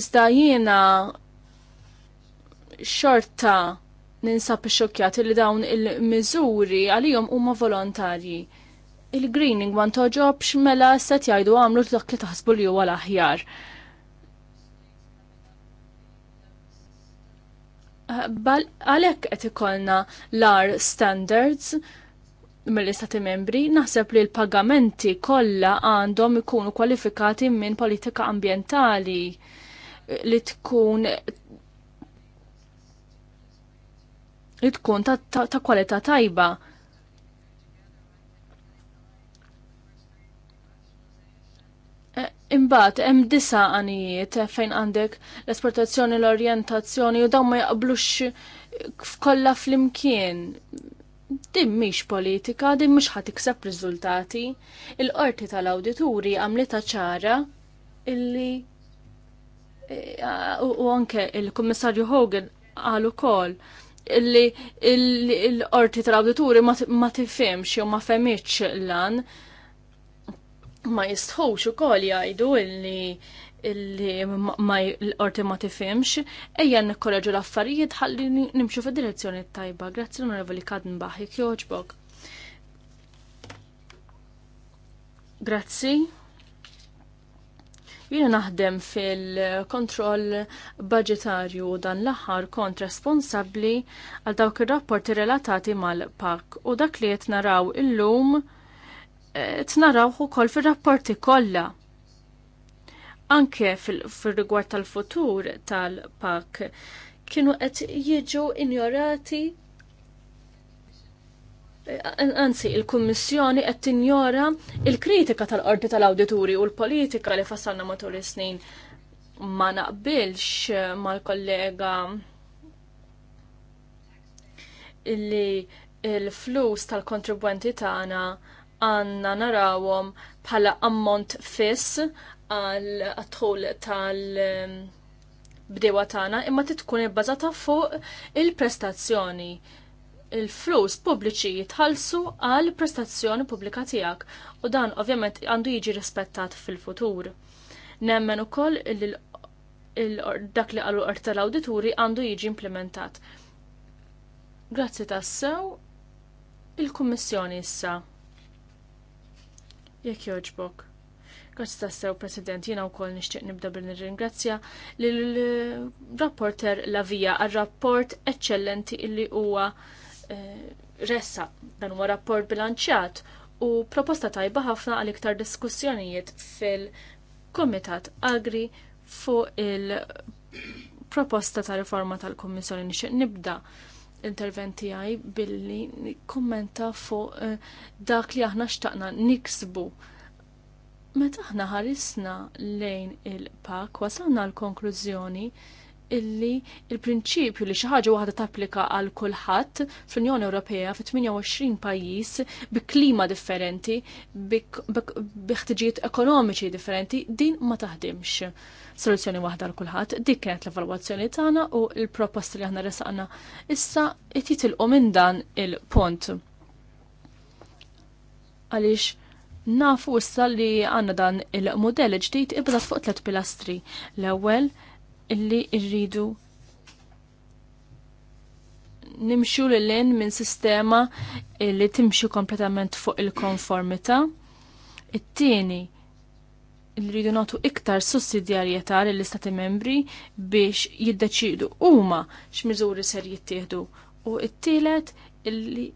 Iżda jiena xorta ninsab ix-xokkjat li dawn il-miżuri għalihom huma volontarji. Il-greening ma ntoġobx mela set jgħidu għamlu dak li taħsbu li huwa l-aħjar. għalek qed ikollna l-ar standards mill-istati membri, naħseb li l-pagamenti kollha għandhom ikunu kwalifikati minn politika ambientali li tkun li tkun ta', ta, ta kwalità tajba Imbagħad hemm disa' għanijiet fejn għandek l-esportazzjoni l-orjentazzjoni u dawn ma jaqblux kollha flimkien. Din mhix politika, din mhux ħadd tikseb riżultati. Il-qorti tal-awdituri għamlita ċara illi eh, u anke il-Kummissarju Hogan qal ukoll illi l-qorti tal-awdituri ma tifhimx jew ma femmitx lan ma jistħux ukoll jgħidu illi illi ma l-orti ma tifimx, ejja nikkoreġu l-affarijiet ħalli nimxu fid-direzzjoni tajba. Grazzi l-onorevoli kadn baħi, kjoġbog. Grazzi. Jiena naħdem fil-kontroll budgetarju dan l-aħħar kont responsabbli għal dawk ir-rapporti relatati mal-pak u dak li qed naraw illum lum t-narawħu kol fil-rapporti kolla. Anke fil-rigward tal-futur tal-pak kienu qed jiġu injorati Anzi, il-Kummissjoni qed tinjora il-kritika tal-qorti tal-awdituri u l-politika li fassalna matul is-snin ma naqbilx mal-kollega li il-flus tal-kontribwenti tagħna għanna narawhom bħala ammont fiss għal għadħol tal ehm, bdewa tagħna imma titkun ibbażata fuq il-prestazzjoni. Il-flus pubbliċi jitħallsu għal prestazzjoni pubblika tiegħek u dan ovvjament għandu jiġi rispettat fil-futur. Nemmen ukoll dak li għallu qort tal-awdituri għandu jiġi implementat. Grazzi tassew il-Kummissjoni issa jekk joġbok. Grazzi tassew, President, jina u koll nishtiq nibda bil nirringrazzja l-rapporter Lavija għal-rapport eccellenti illi huwa eh, ressa dan huwa rapport bilanċjat u proposta tajba ħafna għal iktar diskussjonijiet fil-Komitat Agri fuq il-proposta ta' riforma tal-Kommissjoni nixtieq nibda interventi għaj billi kommenta fuq eh, dak li aħna xtaqna niksbu. Meta aħna ħarisna lejn il-pak, wasalna l-konklużjoni illi il-prinċipju li xi ħaġa waħda tapplika għal kulħadd fl-Unjoni Ewropea fi 28 pajjiż bi klima differenti, bi ħtiġijiet ekonomiċi differenti, din ma taħdimx. Soluzzjoni waħda għal kulħadd, dik kienet l-evalwazzjoni tagħna u l proposta li aħna resaqna issa qed jitilqu minn dan il-pont. Għaliex nafu issa li għanna dan il-modell ġdid ibda fuq tliet pilastri. L-ewwel illi rridu nimxu l-lin minn sistema li timxu kompletament fuq il-konformita. It-tieni li rridu nagħtu iktar sussidjarjetà lill-istati membri biex jiddeċidu huma x'miżuri ser jittieħdu u t-tielet illi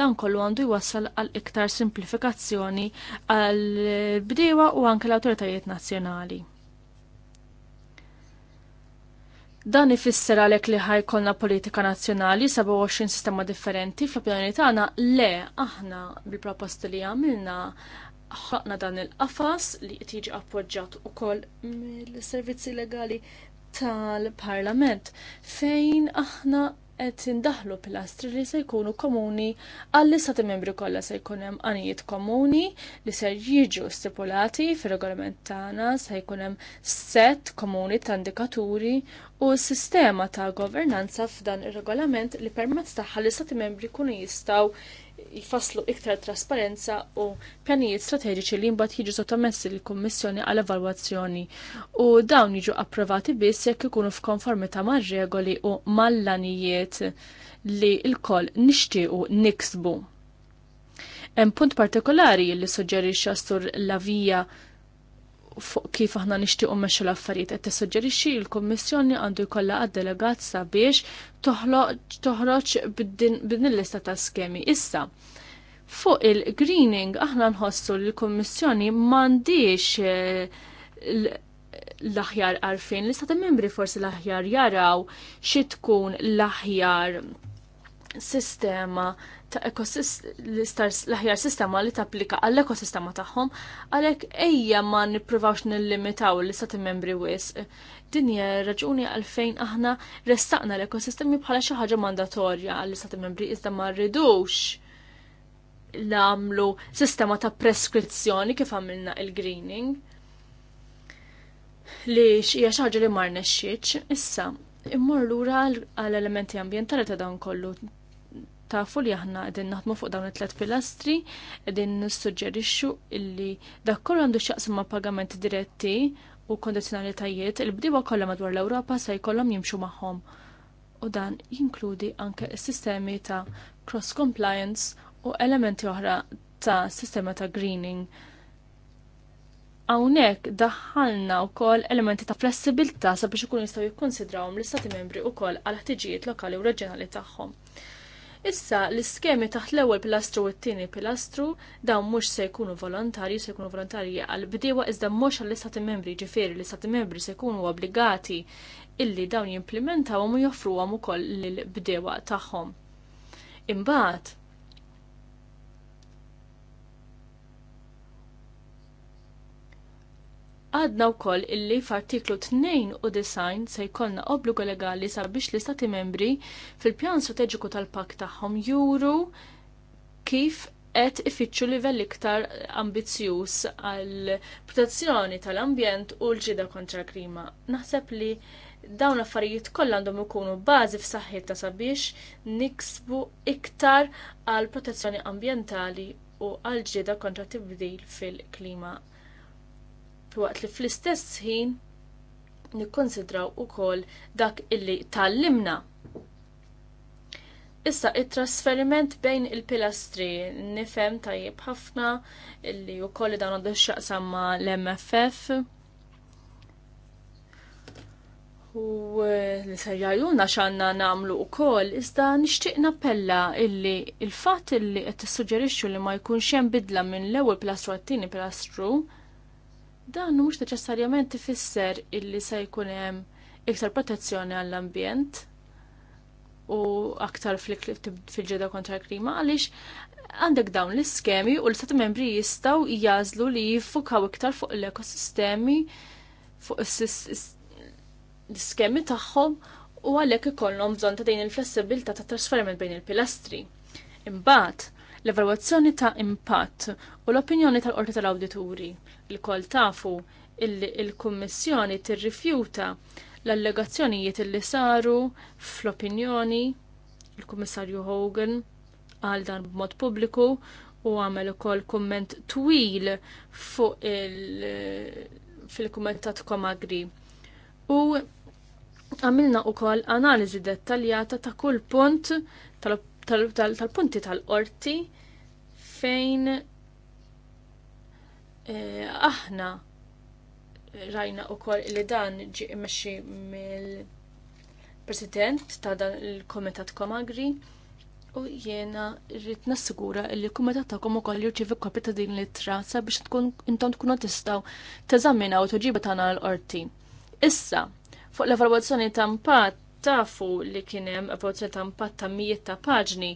dan kollu għandu jwassal għal iktar simplifikazzjoni għal bdiewa u anke l-awtoritajiet nazzjonali. Dan ifisser għalhekk li ħajkolna politika nazzjonali 27 sistema differenti fl tagħna le aħna bil propost li għamilna ħaqna dan il-qafas li qed appoġġat u ukoll mill-servizzi legali tal-Parlament fejn aħna qed indaħlu pilastri li se jkunu komuni għall istati membri kollha se jkun hemm għanijiet komuni li se jiġu stipulati fir-regolament tagħna se jkun hemm set komuni ta' indikaturi u s-sistema ta' governanza f'dan ir-regolament li permezz tagħha l-istati membri jkunu jistgħu jfasslu iktar trasparenza u pjanijiet strateġiċi li mbagħad jiġu sottomessi lill kummissjoni għal evalwazzjoni u dawn jiġu approvati biss jekk ikunu f'konformità mar-regoli u mal-lanijiet li l-koll nixtiequ niksbu. Hemm punt partikolari li suġġerixxa sur Lavija fuq kif aħna nixtiequ meċu l-affarijiet qed tissuġġerixxi l-Kummissjoni għandu jkollha għad-delegat sabiex toħroġ b'din il-lista ta' skemi. Issa, fuq il-greening aħna nħossu li l-Kummissjoni m'għandix eh, l-aħjar għarfien, l istat membri forsi l-aħjar jaraw xi tkun l-aħjar sistema ta' l-aħjar sistema li tapplika għall-ekosistema tagħhom, għalhekk ejja ma nippruvawx nillimitaw l istati membri wisq. Din hija raġuni għalfejn aħna restaqna l-ekosistemi bħala xi ħaġa mandatorja għall istati membri iżda ma rridux l-għamlu sistema ta' preskrizzjoni kif għamilna il-greening li xija xaġa li marna xieċ, issa, immur lura għal elementi ambientali ta' dan kollu, tafu li aħna qegħdin naħdmu fuq dawn it-tlet pilastri, qegħdin nissuġġerixxu illi dak kollu għandu x'jaqsam ma' pagamenti diretti u kondizzjonalitajiet il-bdiewa kollha madwar l-Ewropa se jkollhom jimxu magħhom. U dan jinkludi anke s-sistemi ta' cross compliance u elementi oħra ta' sistema ta' greening. Hawnhekk daħħalna wkoll elementi ta' flessibilità sabiex ikunu jistgħu jikkonsidrawhom l-istati membri wkoll għal ħtiġijiet lokali u reġjonali tagħhom. Issa l-iskemi taħt l-ewwel pilastru u t-tieni pilastru dawn mhux se jkunu volontarji, se jkunu volontarji għal bdiewa iżda mhux għall istati membri, ġifieri l-istati membri se jkunu obbligati illi dawn jimplementaw u joffruhom ukoll lill bdiewa tagħhom. Imbagħad Għadna u koll illi f'artiklu u design se jkollna obbligu legali sabiex l-istati membri fil-pjan strateġiku tal-pak tagħhom juru kif qed ifittxu livell iktar ambizzjuż għal protezzjoni tal-ambjent u l-ġida kontra klima. Naħseb li dawn affarijiet kollha għandhom ikunu bażi f'saħħitha sabiex niksbu iktar għal protezzjoni ambjentali u għal ġida kontra tibdil fil-klima waqt li fl-istess ħin nikkonsidraw ukoll dak illi tallimna. Issa it-trasferiment bejn il-pilastri nifhem tajjeb ħafna illi wkoll dan għandu x'jaqsam ma l-MFF. U li serjajuna xanna namlu u kol, iżda nixtieq nappella illi il-fat illi qed tissuġġerixxu li ma jkunx hemm bidla minn l-ewwel pilastru għat-tieni pilastru Dan mhux neċessarjament ifisser illi se jkun hemm iktar protezzjoni għall-ambjent u aktar fil-ġeda kontra l-klima għaliex għandek dawn l-iskemi u l-istati membri jistaw jażlu li jiffukaw iktar fuq l-ekosistemi fuq l-iskemi tagħhom u għalhekk ikollhom bżonn ta' din il-flessibilità ta' trasferiment bejn il-pilastri. Imbagħad l-evalwazzjoni ta' impatt u l-opinjoni tal-qorti tal-awdituri. Il-kol tafu il-Kummissjoni tirrifjuta l-allegazzjonijiet li saru fl-opinjoni il-Kummissarju Hogan għal dan b'mod pubbliku u għamel ukoll kumment twil fuq fil-kummentat komagri. U għamilna ukoll analiżi dettaljata ta' kull punt tal tal-punti tal-qorti fejn eh, aħna rajna u li dan ġi meċi mill-president ta' dan il-komitat komagri u jiena rrit nassigura li l-komitat ta' komu koll jirċivi kopja ta' din l-ittra biex tkun intom tkunu tistaw u tuġiba tagħna l-qorti. Issa, fuq l-evalwazzjoni ta' impatt tafu li kien hemm abbozza ta' impatt ta' mijiet ta' paġni.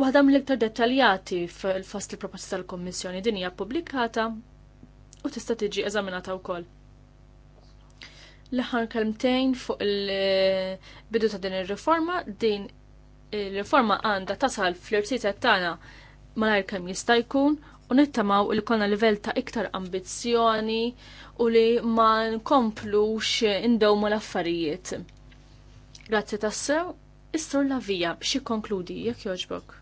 Waħda mill-iktar dettaljati fil-fost il-proposta tal-Kommissjoni din hija pubblikata u tista' tiġi eżaminata wkoll. L-aħħar kelmtejn fuq il-bidu ta' din ir-riforma, din il-riforma għandha tasal fl-irsitet tagħna malajr kemm jista' jkun u nittamaw li konna livell ta' iktar ambizzjoni u li ma nkomplux indowmu l-affarijiet. Grazzi tassew, istur la vija biex konkludi jekk joġbok.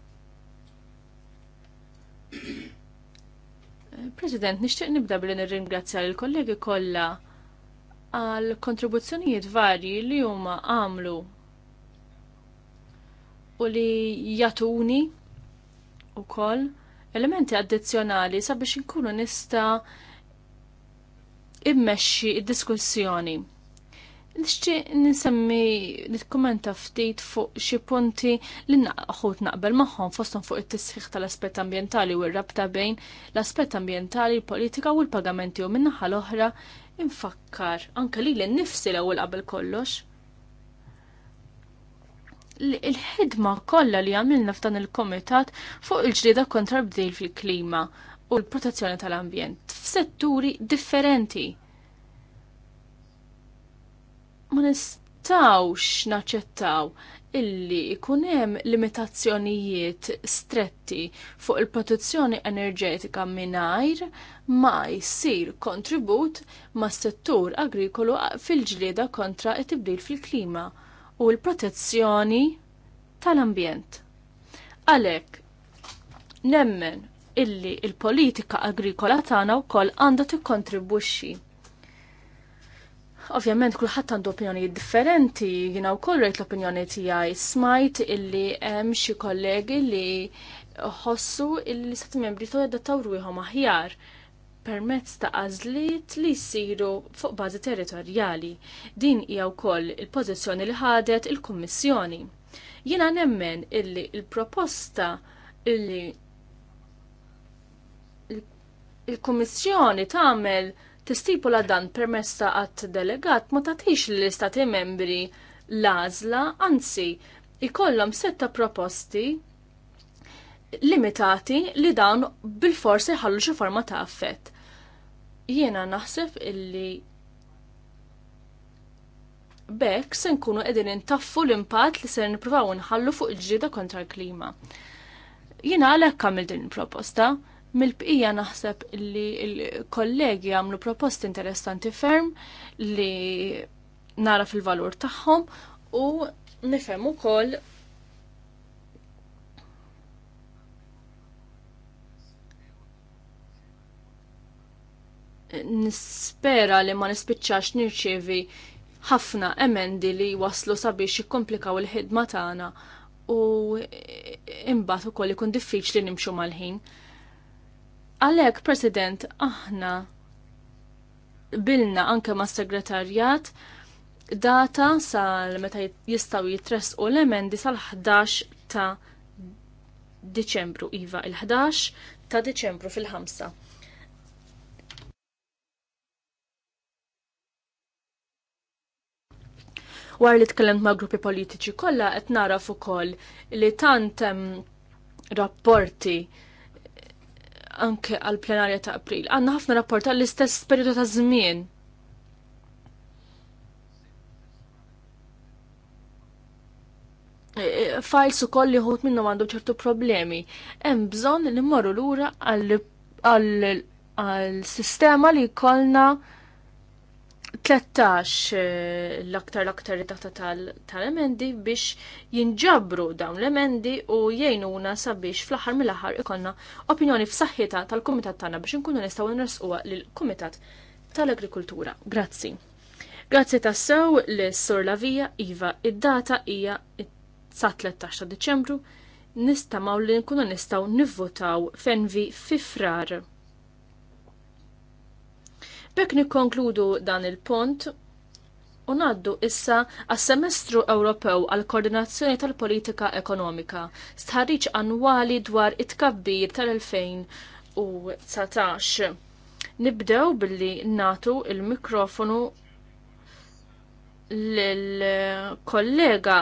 President, nixtieq nibda billi nirringrazzja lill kollegi kollha għal kontribuzzjonijiet varji li huma għamlu u li jatuni u koll elementi addizzjonali sabiex inkunu nista immexxi id-diskussjoni. Nixċi nisemmi nitkumenta ftit fuq xi punti li naqħut naqbel magħhom fosthom fuq it-tisħiħ tal-aspett ambjentali u r-rabta bejn l-aspett ambjentali, l-politika u l-pagamenti u minnaħa l-oħra infakkar anke li l-nifsi l-ewwel qabel kollox il-ħidma kollha li għamilna f'dan il-komitat fuq il-ġlieda kontra bdil fil-klima u l-protezzjoni tal-ambjent f'setturi differenti. Ma nistawx naċċettaw illi jkun hemm limitazzjonijiet stretti fuq il-protezzjoni enerġetika mingħajr ma jsir kontribut mas settur agrikolu fil-ġlieda kontra t tibdil fil-klima u l-protezzjoni tal-ambjent. Għalek, nemmen illi il-politika agrikola tagħna wkoll għandha tikkontribwixxi. Ovvjament kulħadd għandu opinjoni differenti, jiena wkoll rejt l-opinjoni tiegħi smajt illi hemm xi kollegi li ħossu illi sat membri to jadattaw ruħhom aħjar permezz ta' għażliet li jsiru fuq bażi territorjali. Din hija wkoll il-pożizzjoni li ħadet il-Kummissjoni. Jiena nemmen illi il-proposta illi il-Kummissjoni tagħmel tistipula dan permezz ta' għat delegat ma tagħtix l-istati membri l-għażla, anzi ikollhom setta proposti limitati li dawn bil-forsi ħallu xi forma ta' affett. Jiena naħseb illi bekk se nkunu qegħdin intaffu l-impatt li se nippruvaw nħallu fuq il-ġrieda kontra l-klima. Jiena għalhekk għamil din il-proposta, mill-bqija naħseb li l-kollegi għamlu proposti interessanti ferm li nara fil-valur tagħhom u nifhem ukoll nispera li ma nispiċċax nirċievi ħafna emendi li waslu sabiex jikkomplikaw il-ħidma tagħna u imbagħad ukoll ikun diffiċli nimxu mal-ħin. Għalhekk, President, aħna bilna anke mas segretarjat data sal meta jistgħu jitresqu l-emendi sal-11 ta' Diċembru, iva, il-11 ta' Diċembru fil-5. War li tkellimt ma' gruppi politiċi kollha qed naraf ukoll li tant rapporti anke għal plenarja ta' April. Għandna ħafna rapport għall istess periodu ta' żmien. E, e, files ukoll li ħut minnhom għandu ċertu problemi. Hemm bżonn li mmorru lura għal sistema li jkollna 13 eh, l-aktar l-aktar data tal-emendi biex jinġabru dawn l-emendi u jgħinuna sabiex fl-aħħar mill-aħħar ikonna opinjoni f'saħħitha tal-Kumitat tagħna biex inkunu nistgħu nresquha lill-Kumitat tal-Agrikultura. Grazzi. Grazzi tassew l sur Lavija Iva id-data hija sa 13 ta' Deċembru nistamaw li nkunu nistgħu nivvotaw fenvi fi frar. Bek nikkonkludu dan il-punt u naddu issa għas-semestru Ewropew għal koordinazzjoni tal-politika ekonomika, stħarriċ annwali dwar it-kabbir tal-2019. Nibdew billi natu il-mikrofonu l-kollega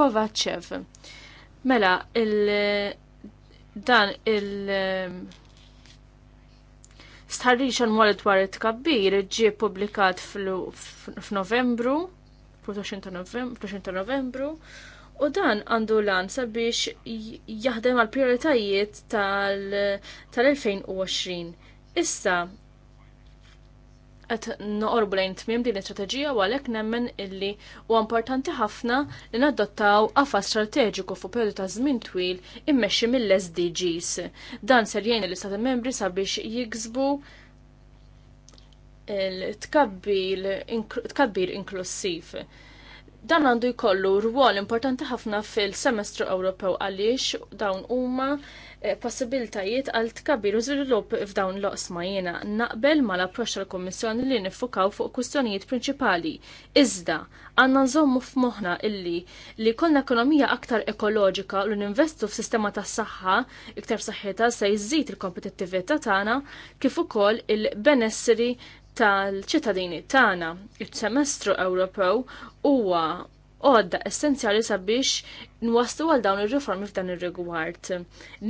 Kovacev. Mela, il dan il- Stħarriċ għal-mwal dwar it-kabbir ġie publikat f'Novembru, f'20 20 ta' Novembru, u dan għandu lan sabiex jaħdem għal prioritajiet tal-2020. Issa, qed noqorbu lejn tmiem din l-istrateġija u għalhekk nemmen illi huwa importanti ħafna li nadottaw għafa strateġiku fuq periodu ta' żmien twil immexxi mill-SDGs. Dan ser jgħin l-Istati Membri sabiex jiksbu il-tkabbir inklusiv. Dan għandu jkollu rwol importanti ħafna fil-semestru Ewropew għaliex dawn huma Eh, possibiltajiet għal tkabbir u żvilupp f'dawn l-oqsma jiena naqbel l approċċ tal kummissjoni li nifukaw fuq kwistjonijiet prinċipali. Iżda għandna nżommu f'moħħna illi li kollna ekonomija aktar ekoloġika u ninvestu f'sistema tas-saħħa iktar saħħitha se jżid il-kompetittività tagħna kif ukoll il-benessri tal-ċittadini tagħna. il semestru Ewropew huwa għodda essenzjali sabiex nwaslu għal dawn ir-riformi f'dan ir-rigward.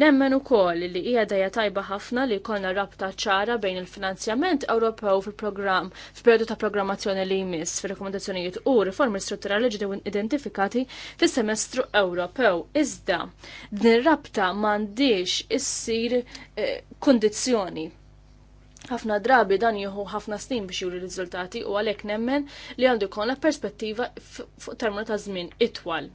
Nemmen ukoll li hija dajja tajba ħafna li jkollna rabta ċara bejn il-finanzjament Ewropew fil-programm f'perjodu ta' programmazzjoni li jmiss fir-rekomendazzjonijiet u riformi strutturali ġdew identifikati fis-semestru Ewropew. Iżda din ir-rabta m'għandix issir eh, ħafna drabi dan jieħu ħafna snin biex juri riżultati u għalhekk nemmen li għandu jkollna perspettiva fuq terminu ta' żmien itwal.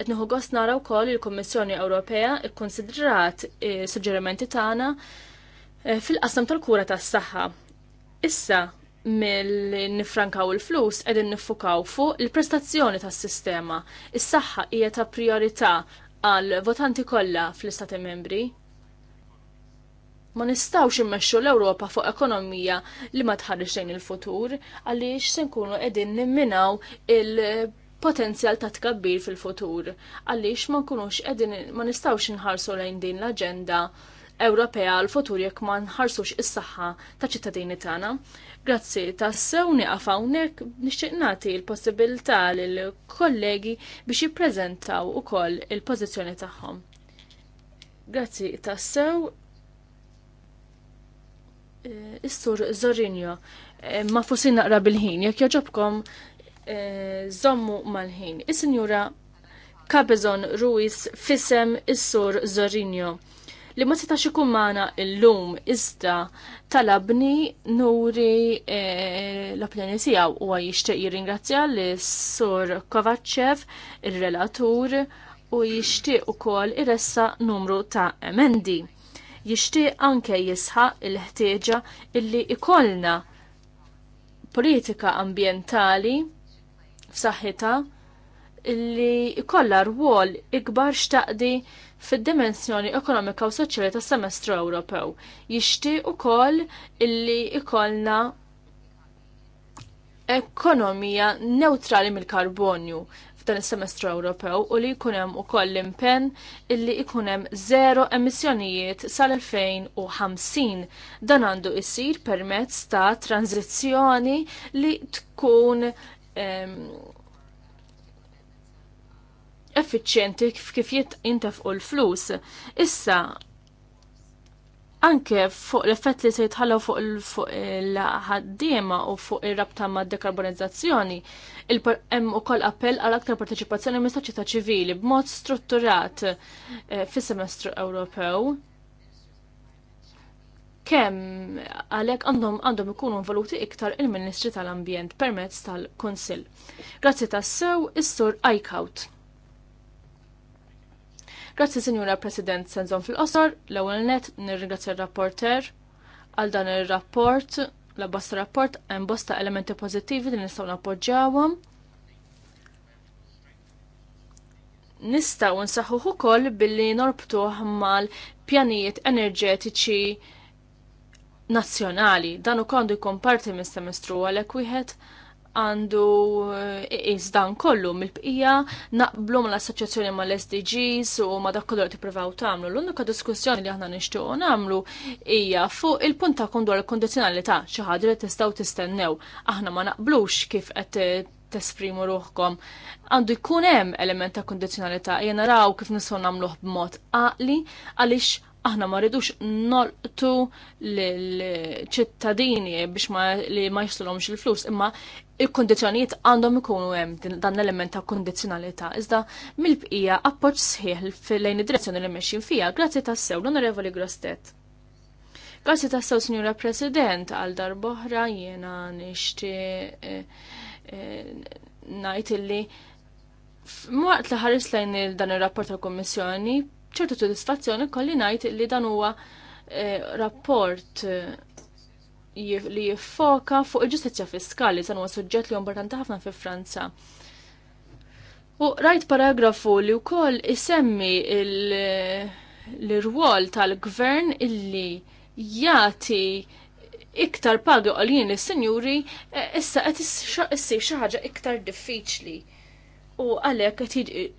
Qed nieħu gost nara wkoll il-Kummissjoni Ewropea kkunsidrat eh, suġġerimenti tagħna eh, fil-qasam tal-kura tas-saħħa. Issa mill-nifrankaw il-flus qegħdin niffukaw fuq il-prestazzjoni tas-sistema. Is-saħħa hija ta' priorità għal votanti kollha fl-istati membri Ma nistawx immexxu l-Ewropa fuq ekonomija li ma tħarrix lejn il-futur għaliex se nkunu qegħdin nimminaw il- potenzjal ta' tkabbir fil-futur, għaliex ma nkunux qegħdin ma nistawx inħarsu lejn din l-aġenda Ewropea l futur jekk ma nħarsux is-saħħa ta' ċittadini tagħna. Grazzi ta' nieqaf hawnhekk nixtieq nagħti l-possibilità lill kollegi biex jippreżentaw ukoll il-pożizzjoni tagħhom. Grazzi tassew Eh, is-sur Zorinjo, eh, ma fusin naqra bil-ħin, jekk joġobkom zommu eh, mal-ħin. Is-sinjura Cabezon Ruiz fisem is-sur Zorinjo li ma setax ikun magħna llum iżda talabni nuri l-opinjoni tiegħu u jixtieq jirringrazzja lis sur Kovacev, ir-relatur u jixtieq ukoll iressa numru ta' emendi jixtieq anke jisħaq il-ħtieġa illi ikollna politika ambjentali f'saħħitha illi ikollha rwol ikbar xtaqdi fid-dimensjoni ekonomika u soċjali tas-semestru Ewropew. Jixtieq ukoll illi ikollna ekonomija neutrali mill-karbonju f'dan is-semestru Ewropew u li jkun hemm ukoll impenn illi jkun hemm zero emissjonijiet sal-2050. Dan għandu jsir permezz ta' tranzizzjoni li tkun um, effiċjenti kif kif jintafqu l-flus. Issa anke fuq l-effett li se jitħallew fuq il-ħaddiema u fuq ir-rabta mad dekarbonizzazzjoni, hemm ukoll appell għal aktar partecipazzjoni mis soċjetà ċivili b'mod strutturat eh, fis-semestru Ewropew. Kemm għalhekk għandhom għandhom ikunu involuti iktar il-Ministri tal-Ambjent permezz tal-Kunsill. Grazzi tassew is-Sur Eichhout. Grazzi Sinjura President Senzon fil-qosor, l-ewwel net nirringrazzja r-rapporter għal dan ir-rapport, la bosta rapport hemm bosta elementi pożittivi li nistgħu nappoġġjawhom. Nistgħu nsaħħu ukoll billi norbtuh mal-pjanijiet enerġetiċi nazzjonali. Dan ukoll jkun parti minn semestru għalhekk wieħed għandu eh, izdan kollu mill-bqija naqblu mal assoċjazzjoni mal sdgs u ma dak kollu li tippruvaw tagħmlu. L-unika diskussjoni li aħna nixtiequ nagħmlu hija fuq il-punt ta' dwar il kondizzjonalità xi ħaġa li tistgħu tistennew. Aħna ma naqblux kif qed tesprimu ruħkom. Għandu jkun hemm element ta' kondizzjonalità ejja naraw kif nistgħu nagħmluh b'mod għaqli għaliex aħna ma rridux nolqtu l-ċittadini biex ma li ma il-flus, imma il-kondizjonijiet għandhom ikunu hemm dan l-element ta' kondizjonalità. Iżda mill-bqija appoġġ sħiħ fil-lejn id-direzzjoni li mexjin fija, grazzi tassew l-Onorevoli Grostet. Grazzi tassew, Sinjura President, għal darboħra jiena nixti eh, eh, ngħid illi Mwaqt li ħares lejn dan ir-rapport tal kummissjoni ċertu sodisfazzjoni kolli ngħid li dan huwa eh, rapport li jiffoka fuq il-ġustizzja fiskali, dan huwa suġġett li importanti ħafna fi Franza. U rajt paragrafu li wkoll isemmi l-rwol tal-gvern illi jati iktar pagi jien l-senjuri eh, issa qed issir xi ħaġa iktar diffiċli u għalek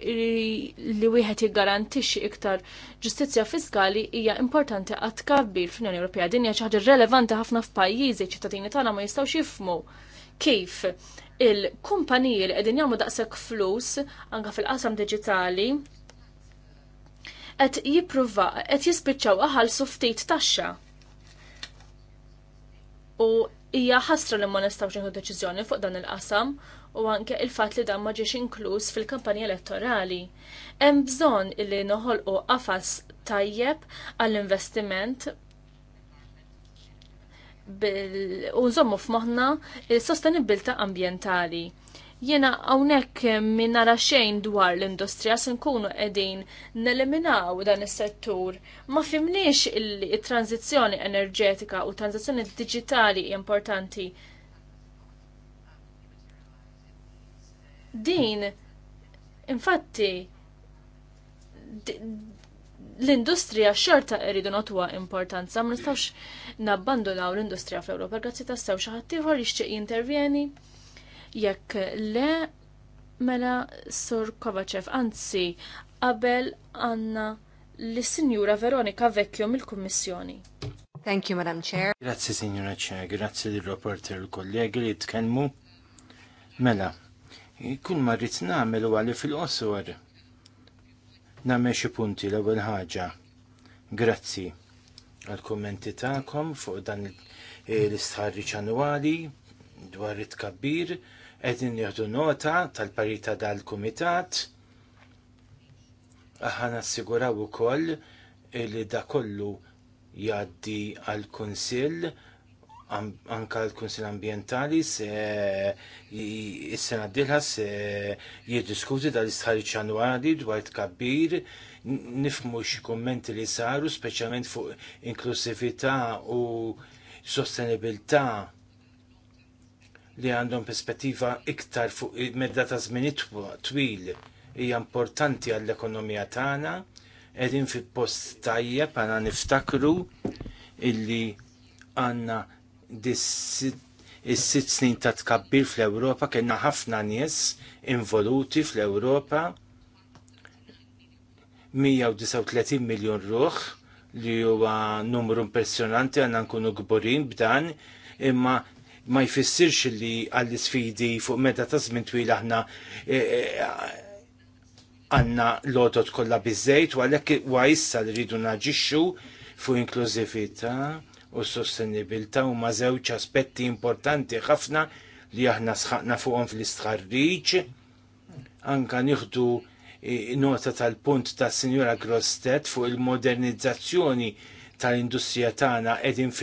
li wieħed jiggarantixxi iktar ġustizzja fiskali hija importanti għat kabbir fl-Unjoni Ewropea. Din hija xi ħaġa relevanti ħafna f'pajjiżi ċittadini tagħna ma jistgħux jifhmu kif il-kumpaniji li qegħdin jagħmlu daqshekk flus anke fil-qasam diġitali qed jippruva qed jispiċċaw aħalsu ftit taxxa. U hija ħasra li ma nistgħux nieħdu deċiżjoni fuq dan il-qasam u anke il-fatt li dan ma ġiex inkluż fil-kampanja elettorali. Hemm bżonn illi noħolqu qafas tajjeb għall-investiment u nżommu f'moħħna il-sostenibilità ambjentali. Jiena hawnhekk minn nara xejn dwar l-industrija se nkunu qegħdin neliminaw dan is-settur. Ma fimniex il-tranzizzjoni enerġetika u tranzizzjoni digitali importanti Din, infatti, l-industrija xorta irridu notwa importanza, ma nistawx nabbandonaw l-industrija fl-Ewropa, grazzi ta' sew xi ħaddieħor jixtieq jintervjeni. Jekk le mela Sur Kovacev, anzi qabel għandna l-Sinjura Veronika Vecchio mill-Kummissjoni. Thank you, Madam Chair. Grazzi, Signora Chair, grazzi di rapporter l-kollegi li tkellmu. Mela, Kull ma rrid nagħmel huwa fil-qosor Namel xi punti l-ewwel ħaġa. Grazzi għal-kommenti tagħkom fuq dan eh, l-istħarriċ annwali dwar it-kabbir edin jihdu nota tal-parita dal-komitat aħna assiguraw ukoll li da kollu jaddi għal kunsill anka l-Kunsil Ambientali se jissena sena d-dilħa se jiddiskuti dal-istħarriċ ċanwadi dwar kabbir nifmu xi kummenti li saru speċjalment fuq inklusivita u sostenibilità li għandhom perspettiva iktar fuq medda ta' żmien twil hija importanti għall-ekonomija tagħna qegħdin fi post tajjeb għandna niftakru illi għandna is-sitt snin ta' tkabbir fl-Ewropa kienna ħafna nies involuti fl-Ewropa 139 miljon ruħ li huwa numru impressjonanti għandna nkunu kburin b'dan imma ma jfissirx li għall sfidi fuq meta ta' żmien twil aħna e, e, għanna lodot kollha biżejt u għalhekk wa issa li rridu naġixxu fuq inklużività u s sostenibilta huma żewġ aspetti importanti ħafna li aħna sħaqna fuqhom fl-istħarriġ. Anka nieħdu e, nota tal-punt ta' Sinjora Grostet fuq il-modernizzazzjoni tal-industrija tagħna qegħdin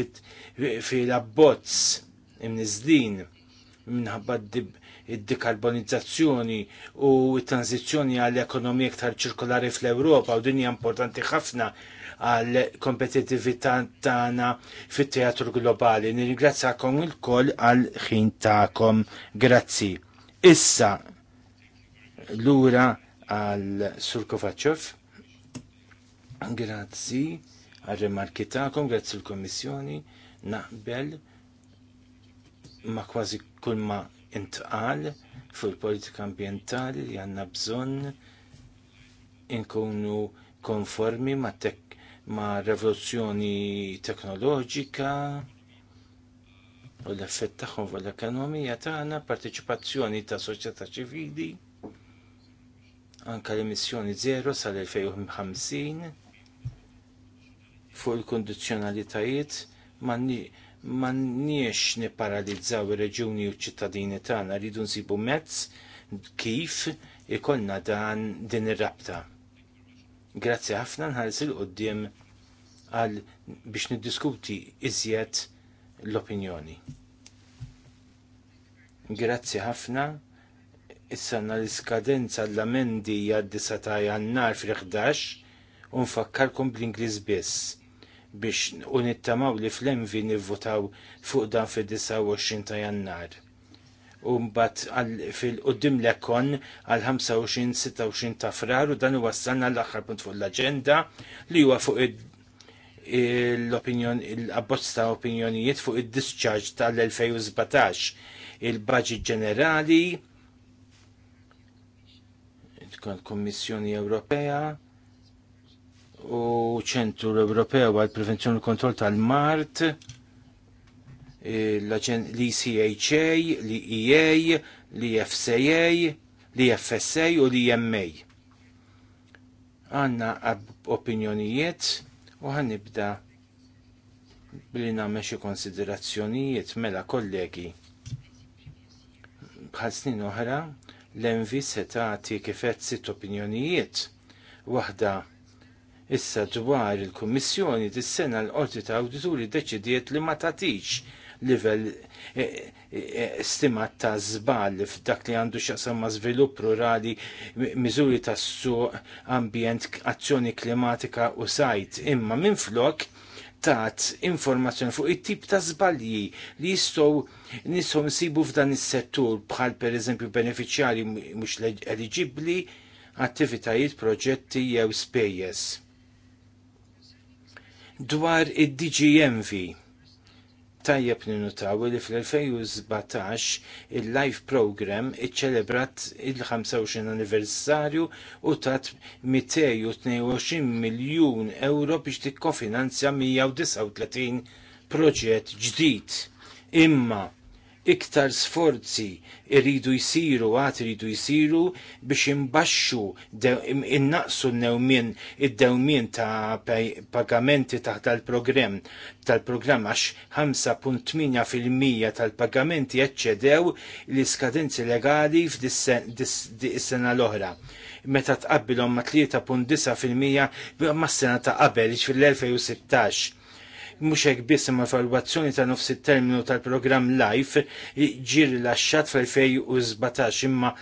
fil-abbozz imniżdin minħabba id-dekarbonizzazzjoni u t-tranzizzjoni għall ekonomija iktar ċirkolari fl-Ewropa u dinja importanti ħafna għal kompetitività tagħna fit-teatru globali. Nirringrazzakom il-koll għal ħin tagħkom. Grazzi. Issa lura għal Sur Kovacev. Grazzi għal remarki tagħkom, grazzi l-Kommissjoni. Naqbel ma kważi kull ma intqal il politika ambientali li għanna bżonn inkunu konformi ma' tek ma' revoluzzjoni teknoloġika u l-effett tagħhom fuq l-ekonomija tagħna, parteċipazzjoni ta' soċjetà ċivili, anka l-emissjoni zero sal-2050 fuq il-kondizzjonalitajiet m'għandniex nipparalizzaw ir-reġuni u ċ-ċittadini tagħna rridu nsibu mezz kif ikollna dan din ir-rabta Grazzi ħafna nħarsil qoddim għal biex niddiskuti iżjed l-opinjoni. Grazzi ħafna. Issa l-iskadenza l-amendi għad ta' jannar fil-11 u nfakkarkom bl inglis biss biex u nittamaw li fl-envi nivvotaw fuq dan fil-29 ta' jannar u mbagħad fil qoddim lekon għal 25-26 ta' frar u dan wassalna l-aħħar punt fuq l-aġenda li huwa fuq l-opinjon l-abbozz ta' opinjonijiet fuq id-discharge tal-2017 il-budget ġenerali kommissjoni Ewropea u ċentru Ewropea għal prevenzjoni u kontroll tal-Mart l-ECHA, l-EA, e l-FCA, l-FSA u l-EMA. Għanna opinjonijiet u għannibda billi nagħmel xi konsiderazzjonijiet mela kollegi. Bħal snin oħra l-envi se tagħti kifet sitt opinjonijiet. Waħda issa dwar il-Kummissjoni dis-sena l-Qorti ta' Awdituri deċidiet li ma tagħtix level eh, eh, eh, stimat ta' zbal f'dak li għandu xaqsam ma' svilupp rurali, miżuri ta' suq, ambjent, azzjoni klimatika u sajt. Imma minn flok tat informazzjoni fuq it-tip ta' zbalji li jistgħu nishom nsibu f'dan is-settur bħal pereżempju beneficjari mhux eliġibbli, attivitajiet, proġetti jew spejjeż dwar id-DGMV tajjeb ninutaw li fl-2017 il-Life Program iċċelebrat il-25 anniversarju u tat 222 miljun euro biex tikkofinanzja 139 proġett ġdid. Imma iktar sforzi irridu jisiru, għat irridu jisiru biex imbaxxu, innaqsu n-newmin, id-dewmin ta' pagamenti taħt tal-programm, tal-programm għax 5.8% tal-pagamenti eċċedew l-iskadenzi legali f'dis-sena l-oħra. Meta tqabbilhom ma' 3.9% ma' s-sena ta' qabel, fil-2016 mhux hekk biss imma evalwazzjoni ta' nofs it-terminu tal-programm Life ġie rilaxxat fl-2017 imma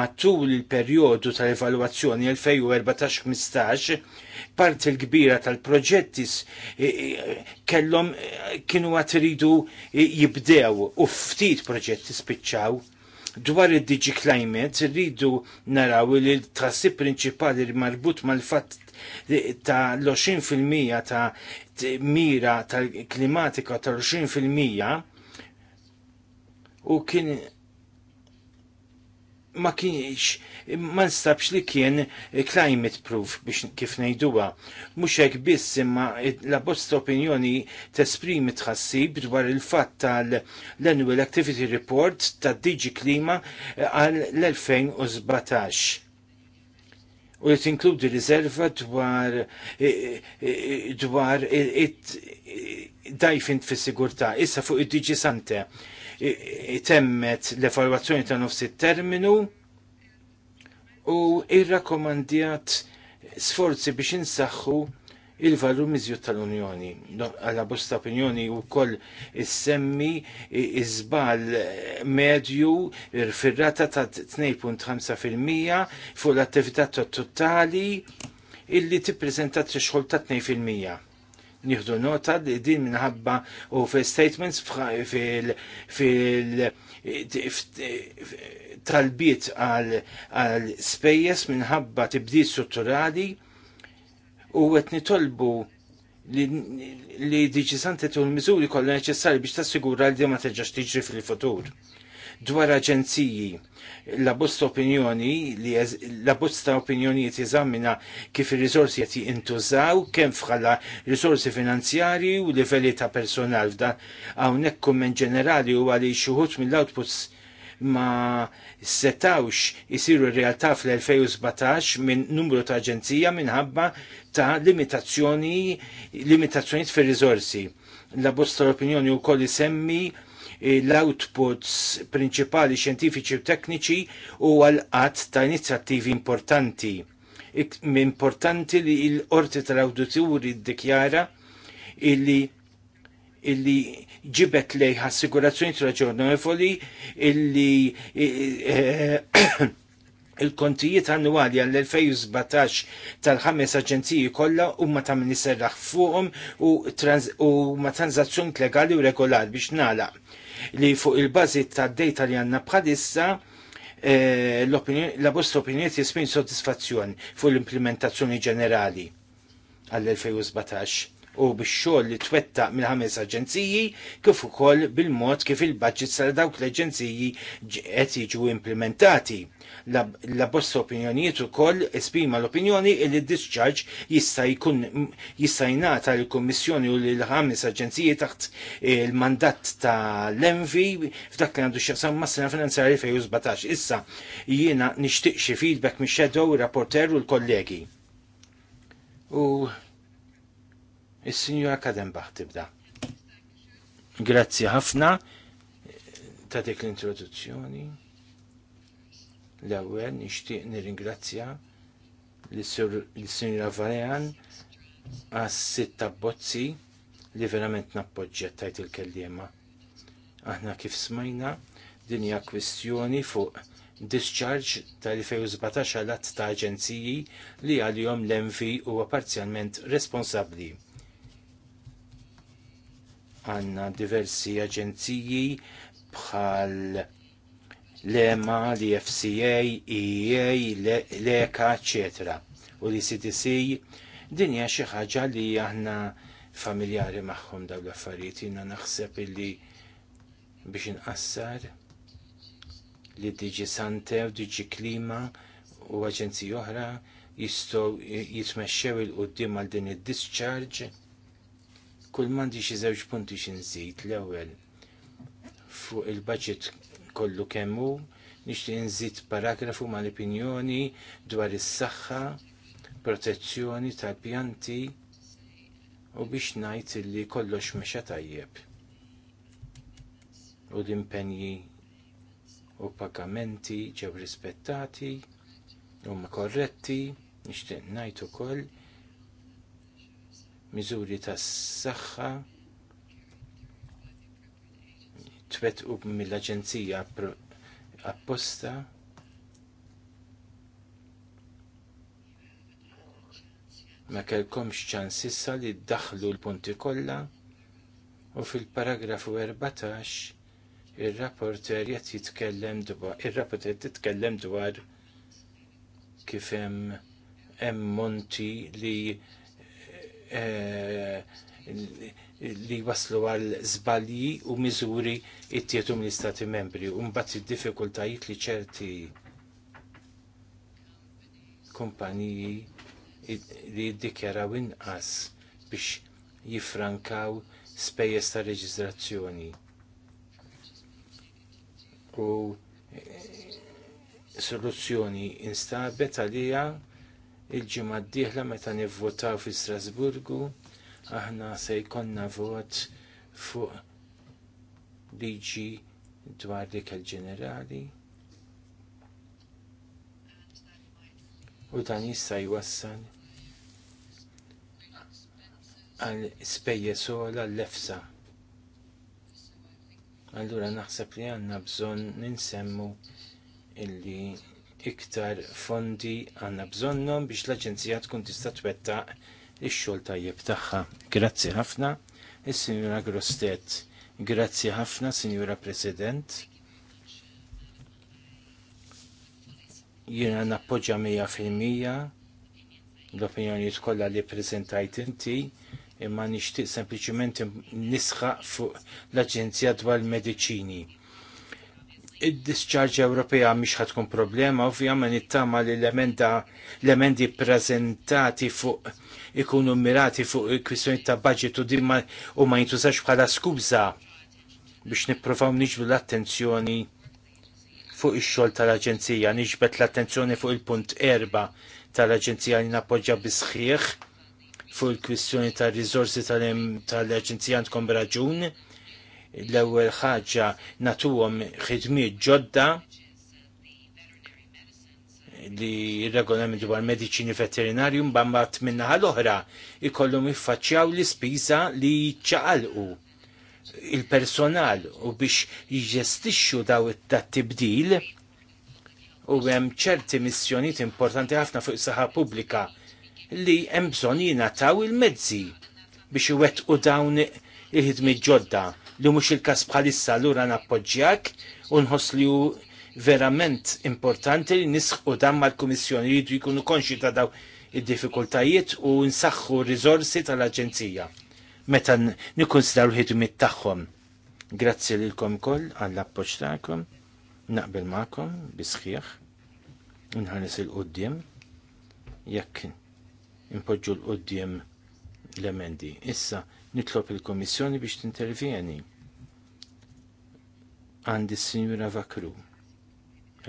matul il-perjodu tal-evalwazzjoni 2014-15 parti l-kbira tal-proġetti kellhom eh, kienu għat jibdew u ftit proġetti spiċċaw dwar id-Digi Climate rridu naraw li l-trassib prinċipali marbut mal-fatt ta' l-20% ta' mira tal-klimatika tal-20% u kien ma kienx, ma nstabx li kien climate proof biex kif nejduwa. Mux hekk biss imma la bosta opinjoni tesprimi tħassib dwar il-fatt tal-Annual Activity Report ta' Digi Klima eh, għal l-2017 u li tinkludi riserva dwar eh, eh, dwar it dajfint fis sigurtà issa fuq id-Digi Sante temmet l-evalwazzjoni ta' nofs terminu u irrakomandijat sforzi biex insaħħu il-valur mizju tal-Unjoni. Għalla bosta opinjoni u koll is-semmi iżbal medju fir ta' 2.5% fuq l-attività totali illi tippreżenta t-xogħol ta' 2% nieħdu nota li din minħabba u fil-statements fil-talbiet għal spejjes minħabba tibdil strutturali u għet nitolbu li diġisanti tu l-mizuri kollha neċessari biex tassigura li ma terġax tiġri fil-futur. Dwar aġenziji la bosta opinjoni li la opinjoni jeżamina kif ir rizorsi qed jintużaw kemm fħalla rizorsi finanzjari u livelli ta' personal f'dan hawnhekk kumment ġenerali u għaliex xuħut mill-outputs ma setawx jisiru realtà fl-2017 minn numru ta' aġenzija minħabba ta' limitazzjoni limitazzjoniet fil-rizorsi. La bosta opinjoni u koll semmi l-outputs prinċipali xjentifiċi u tekniċi u għal-qatt ta' inizjattivi importanti. Importanti li l-orti tal-awdituri ddikjara illi illi ġibet lej assigurazzjoni raġonevoli illi eh, eh, il-kontijiet annuali għall-2017 tal-ħames aġenziji kollha huma ta' min fuqhom u ma' tranzazzjoni legali u regolari biex nagħlaq li fuq il-bażi tad-dejta li għandna bħalissa eh, l la bosta opinjoniet jispin soddisfazzjon fuq l-implementazzjoni ġenerali għall-2017 u bix-xogħol li twettaq minn ħames aġenziji kif ukoll bil-mod kif il-budgets sal dawk l-aġenziji qed jiġu implementati. La bosta opinjonijiet ukoll esprima l-opinjoni li d-discharge jista' jkun jista' jingħata l-Kummissjoni u lil ħames aġenziji taħt il-mandat tal-Envi f'dak li għandu x'jaqsam mas-sena finanzjarja 2017. Issa jiena nixtieq xi feedback mix ir rapporter u l-kollegi. U Is-Sinjura Kadenbach tibda. Grazzi ħafna ta' dik l-introduzzjoni. L-ewwel nixtieq nirringrazzja l sinjura Varean għas sitta bozzi li verament nappoġġet tajt il-kellima. Aħna kif smajna din hija kwistjoni fuq discharge tal-2017 għal att ta' aġenziji li għal-jom l-envi huwa parzjalment responsabbli għanna diversi aġenziji bħal l-EMA, l-FCA, EA, e l-ECA, e etc. U li CDC dinja xi ħaġa li aħna familjari magħhom dawn l-affarijiet jiena naħseb illi biex inqassar li diġi Sante u diġi Klima u aġenziji oħra jistgħu jitmexxew il-qudiem għal din id-discharge Kull mandi xi żewġ punti xi nżid l-ewwel fuq il-budget kollu kemmu nixtieq nżid paragrafu mal-opinjoni dwar is-saħħa, protezzjoni tal-pjanti u biex ngħid li kollox mexa tajjeb. U l-impenji u pagamenti ġew rispettati huma korretti, nixtieq ngħid ukoll miżuri tas-saħħa twettqu mill-Aġenzija apposta ma kellkomx ċans issa li ddaħlu l-punti kollha u fil-paragrafu 14 ir-rapporter qed jitkellem dwar ir-rapporter titkellem dwar kif hemm hemm monti li Eh, li waslu għal zbalji u miżuri it-tietu mill-Istati membri u mbagħad id-diffikultajiet li ċerti kumpaniji li dikjaraw inqas biex jifrankaw spejjeż ta' reġistrazzjoni. U eh, soluzzjoni instabet għalija il-ġimgħa d-dieħla meta nivvotaw fi Strasburgu aħna se jkollna vot fuq liġi dwar dik il-ġenerali. U dan jista' jwassal għal spejje sola l-lefsa. Allura naħseb li għandna bżonn ninsemmu illi iktar fondi għandna bżonnhom biex l-Aġenzija tkun tista' twettaq ix-xogħol tajjeb tagħha. Grazzi ħafna, is-Sinjura Grostet. Grazzi ħafna, Sinjura President. Jiena nappoġġa mija fil-mija l-opinjonijiet kollha li preżentajt inti imma nixtieq sempliċement nisħaq fuq l-Aġenzija dwar il-Mediċini id-discharge Ewropea mhix ħatkun problema, ovvjament nittama li l-emenda l-emendi prezentati fuq ikunu mirati fuq il-kwistjoni ta' budget u dimma u ma jintużax bħala skuża biex nippruvaw niġbu l-attenzjoni fuq ix-xogħol tal-Aġenzija, niġbet l-attenzjoni fuq il-punt erba tal-Aġenzija li nappoġġa sħiħ fuq il-kwistjoni tar-riżorsi tal-Aġenzija għandkom raġun l-ewwel ħaġa natuhom ħidmiet ġodda li regolament dwar mediċini veterinarju mbagħad minnaħa l-oħra ikollhom jiffaċċjaw l-ispiża li ċaqalqu il-personal u biex jġestixxu daw it-tibdil u hemm ċerti missjonijiet importanti ħafna fuq saħa pubblika li hemm bżonn jingħataw il-mezzi biex iwettqu dawn il-ħidmi ġodda li mhux il-każ bħalissa lura nappoġġjak u nħossli li verament importanti li nisħu dan mal-Kummissjoni jridu jkunu konxi ta' daw id-diffikultajiet u nsaħħu r-riżorsi tal-Aġenzija meta nikkonsidraw l-ħidmiet tagħhom. Grazzi lilkom koll għall-appoġġ tagħkom, naqbel magħkom bisħieħ, nħares il-qudiem jekk impoġġu l-qudiem l-emendi. Issa nitlob il-Komissjoni biex t-intervjeni Għandi s-Sinjura Vakru.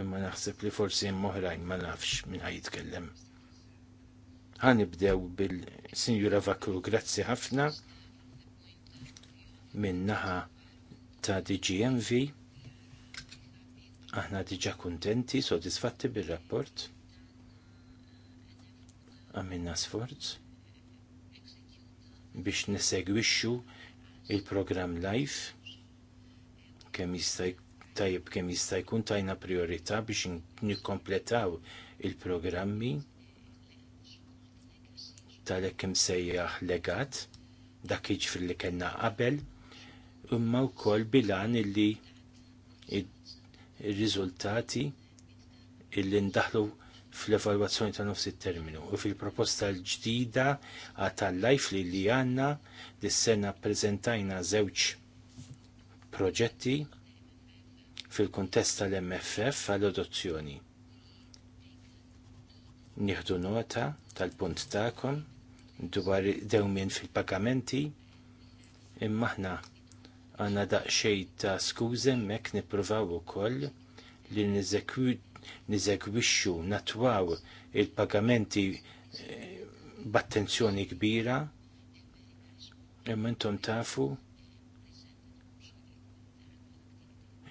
Imma naħseb li forsi hemm ma nafx minn jitkellem. bdew bil-Sinjura Vakru, grazzi ħafna minn naħa ta' DGMV. Aħna diġa kuntenti, sodisfatti bil-rapport. Għamilna sforz biex nisegwixxu il-programm live kemm jista' tajjeb kemm jista' jkun tajna priorità biex nikkompletaw il-programmi tal-hekk imsejjaħ legat dak iġfir li kellna qabel imma wkoll bilan illi ir-riżultati illi ndaħlu fl-evalwazzjoni ta' nofs terminu u fil-proposta l-ġdida għat-life li li għanna s sena prezentajna żewġ proġetti fil-kontest tal-MFF għall-adozzjoni. Nieħdu nota tal-punt ta'kom dwar dewmien fil-pagamenti imma ħna għanna daqxej ta' skużem mek u ukoll li nizekwi nizegwixxu natwaw il-pagamenti eh, b'attenzjoni kbira imma intom tafu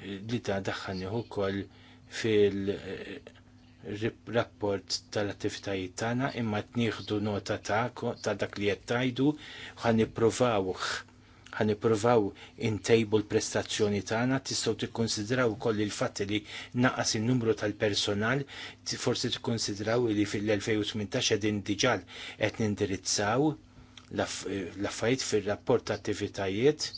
eh, li ta' daħħani ukoll fil-rapport tal-attivitajiet tagħna imma tnieħdu nota ta' dak li qed tajdu ħan nippruvawh ħan ipruvaw intejbu l-prestazzjoni tagħna, tistgħu tikkonsidraw ukoll il-fatt li naqas in-numru tal-personal, forsi tikkonsidraw li fil-2018 qegħdin diġal qed nindirizzaw l-affarijiet fir-rapport ta' attivitajiet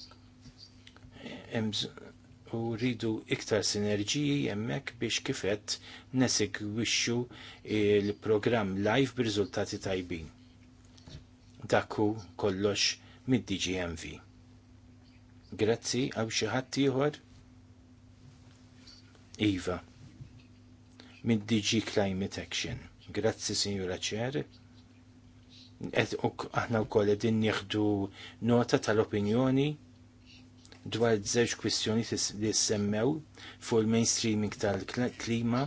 u rridu iktar sinerġiji hemmhekk biex kifet wixxu il-programm live b'riżultati tajbin. Daku kollox mid-DGMV. Grazzi, għaw xaħat ieħor? Iva, minn DG Climate Action. Grazzi, Signora Ċer. Aħna u koll din nieħdu nota tal-opinjoni dwar żewġ kwistjoni li semmew fuq il-mainstreaming tal-klima,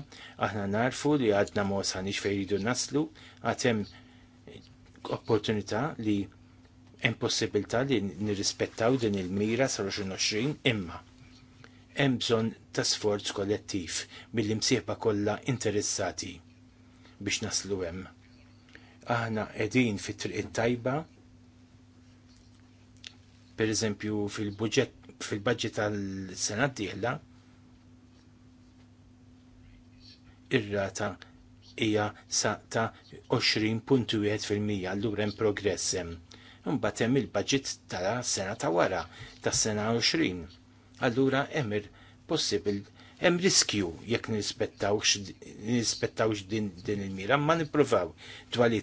aħna narfu li għadna mos ħanix fejridu naslu, għatem opportunità li hemm li nirrispettaw din il-mira sal 20 imma hemm bżonn ta' sforz kollettiv billi msieħba kollha interessati biex naslu hemm. Aħna qegħdin fit-triq tajba per eżempju fil-budget fil-budget tal-sena d-dieħla ir-rata hija sa ta' 20.1 fil-mija allura hemm progress hemm Mbagħad hemm il-budget ta' sena ta' wara, tas sena 20. Allura hemm possibil hemm riskju jekk nispettawx din, din il-mira, ma nippruvaw dwar li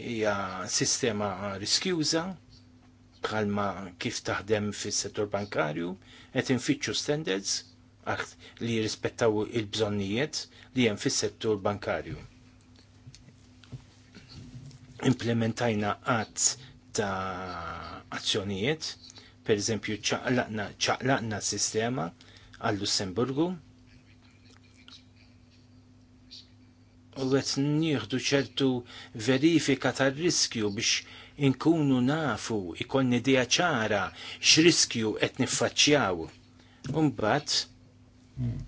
hija sistema riskjuża bħalma kif taħdem fis-settur bankarju qed infittxu standards li jirrispettaw il-bżonnijiet li hemm fis-settur bankarju implementajna għat ta' azzjonijiet, per eżempju ċaqlaqna ċaqlaqna sistema għal Lussemburgu. U għet nieħdu ċertu verifika ta' riskju biex inkunu nafu ikon idea ċara x'riskju qed niffaċċjaw. Umbat, hmm.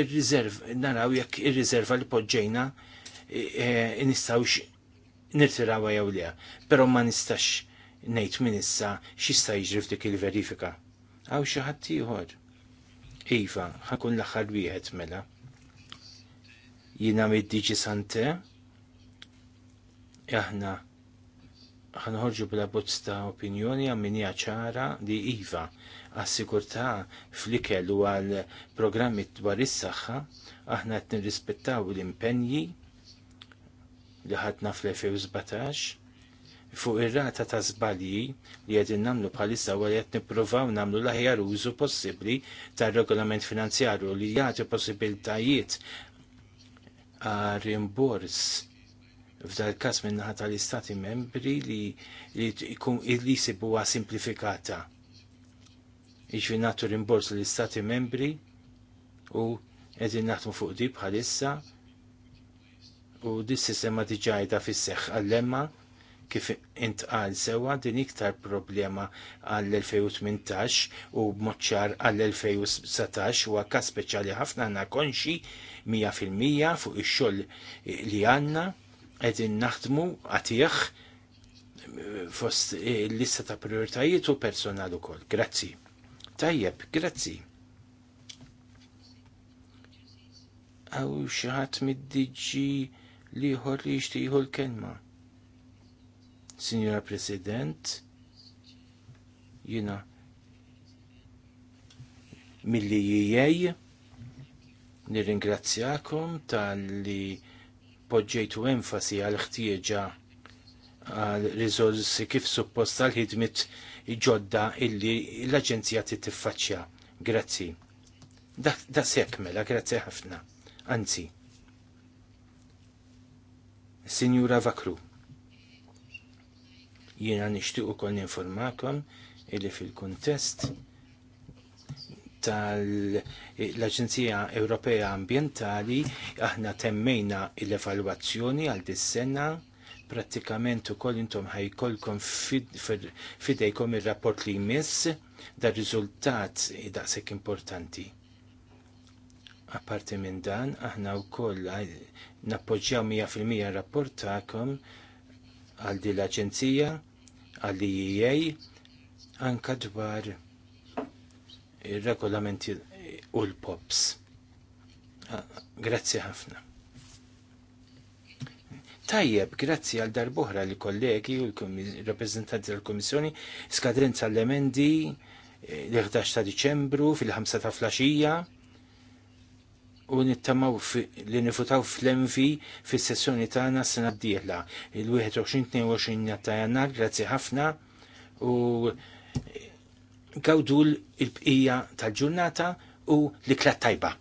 il-rizerv, naraw jekk il-rizerva li poġġejna Eh, eh, nistawx nirtirawa jew le, però ma nistax ngħid minn issa x'ista' jiġri f'dik il-verifika. Għaw xi ħadd ieħor. Iva, ħakun l-aħħar wieħed mela. Jiena mid-diġi sante, eh, aħna ħanħorġu bla bozz ta' opinjoni għamminija ċara li Iva għassikurta sigurtà fl u għal programmi dwar is-saħħa aħna qed nirrispettaw l-impenji li ħadna fl-2017 fuq ir-rata ta' żbalji li qegħdin nagħmlu bħalissa wara qed nippruvaw nagħmlu l-aħjar użu possibbli tar-regolament finanzjarju li jagħti possibbiltajiet għal rimbors f'dal każ min-naħa tal-istati membri li li sibuha simplifikata. Iġvi nagħtu rimbors l-istati membri u qegħdin naħdmu fuq di bħalissa u di sistema diġajda fis seħħ għall-lemma kif intqal sewa din iktar problema għall-2018 u moċċar għall 2017 u għakka speċjali ħafna għanna konxi 100% fuq ix-xogħol li għanna qegħdin naħdmu għatih fost l-lista ta' prioritajiet u personal ukoll. Grazzi. Tajjeb, grazzi. Għaw xaħat mid-diġi jħor li jixtieħu l-kelma. Signora President, jina milli nir nirringrazzjakom tal-li poġġejtu enfasi għal ħtieġa għal riżorsi kif suppost tal ħidmit ġodda illi l-Aġenzija tiffaċċja. Grazzi. Da, da sekmela, grazzi ħafna. Anzi, Sinjura Vakru. Jiena nixtieq ukoll ninformakom illi fil-kuntest tal-Aġenzija Ewropea Ambientali aħna temmejna l-evalwazzjoni għal dis-sena prattikament ukoll intom ħajkolkom fidejkom ir-rapport li jmiss dar riżultat daqshekk importanti. Apparti minn dan, aħna wkoll nappoġġjaw 100% rapport tagħkom għal din l-Aġenzija, għal IEA, anka dwar ir-regolamenti u l-POPs. Grazzi ħafna. Tajjeb, grazzi għal darbohra li kollegi u l-rappresentanti tal-Komissjoni Skadrin l-emendi eh, l-11 ta' Diċembru fil-5 ta' flaxija u nittamaw li nifutaw fl-MV fis-sessjoni tagħna s-sena d-dieħla il-21-22 ta' jannar, grazzi ħafna u gawdul l-bqija tal-ġurnata u l-iklat tajba.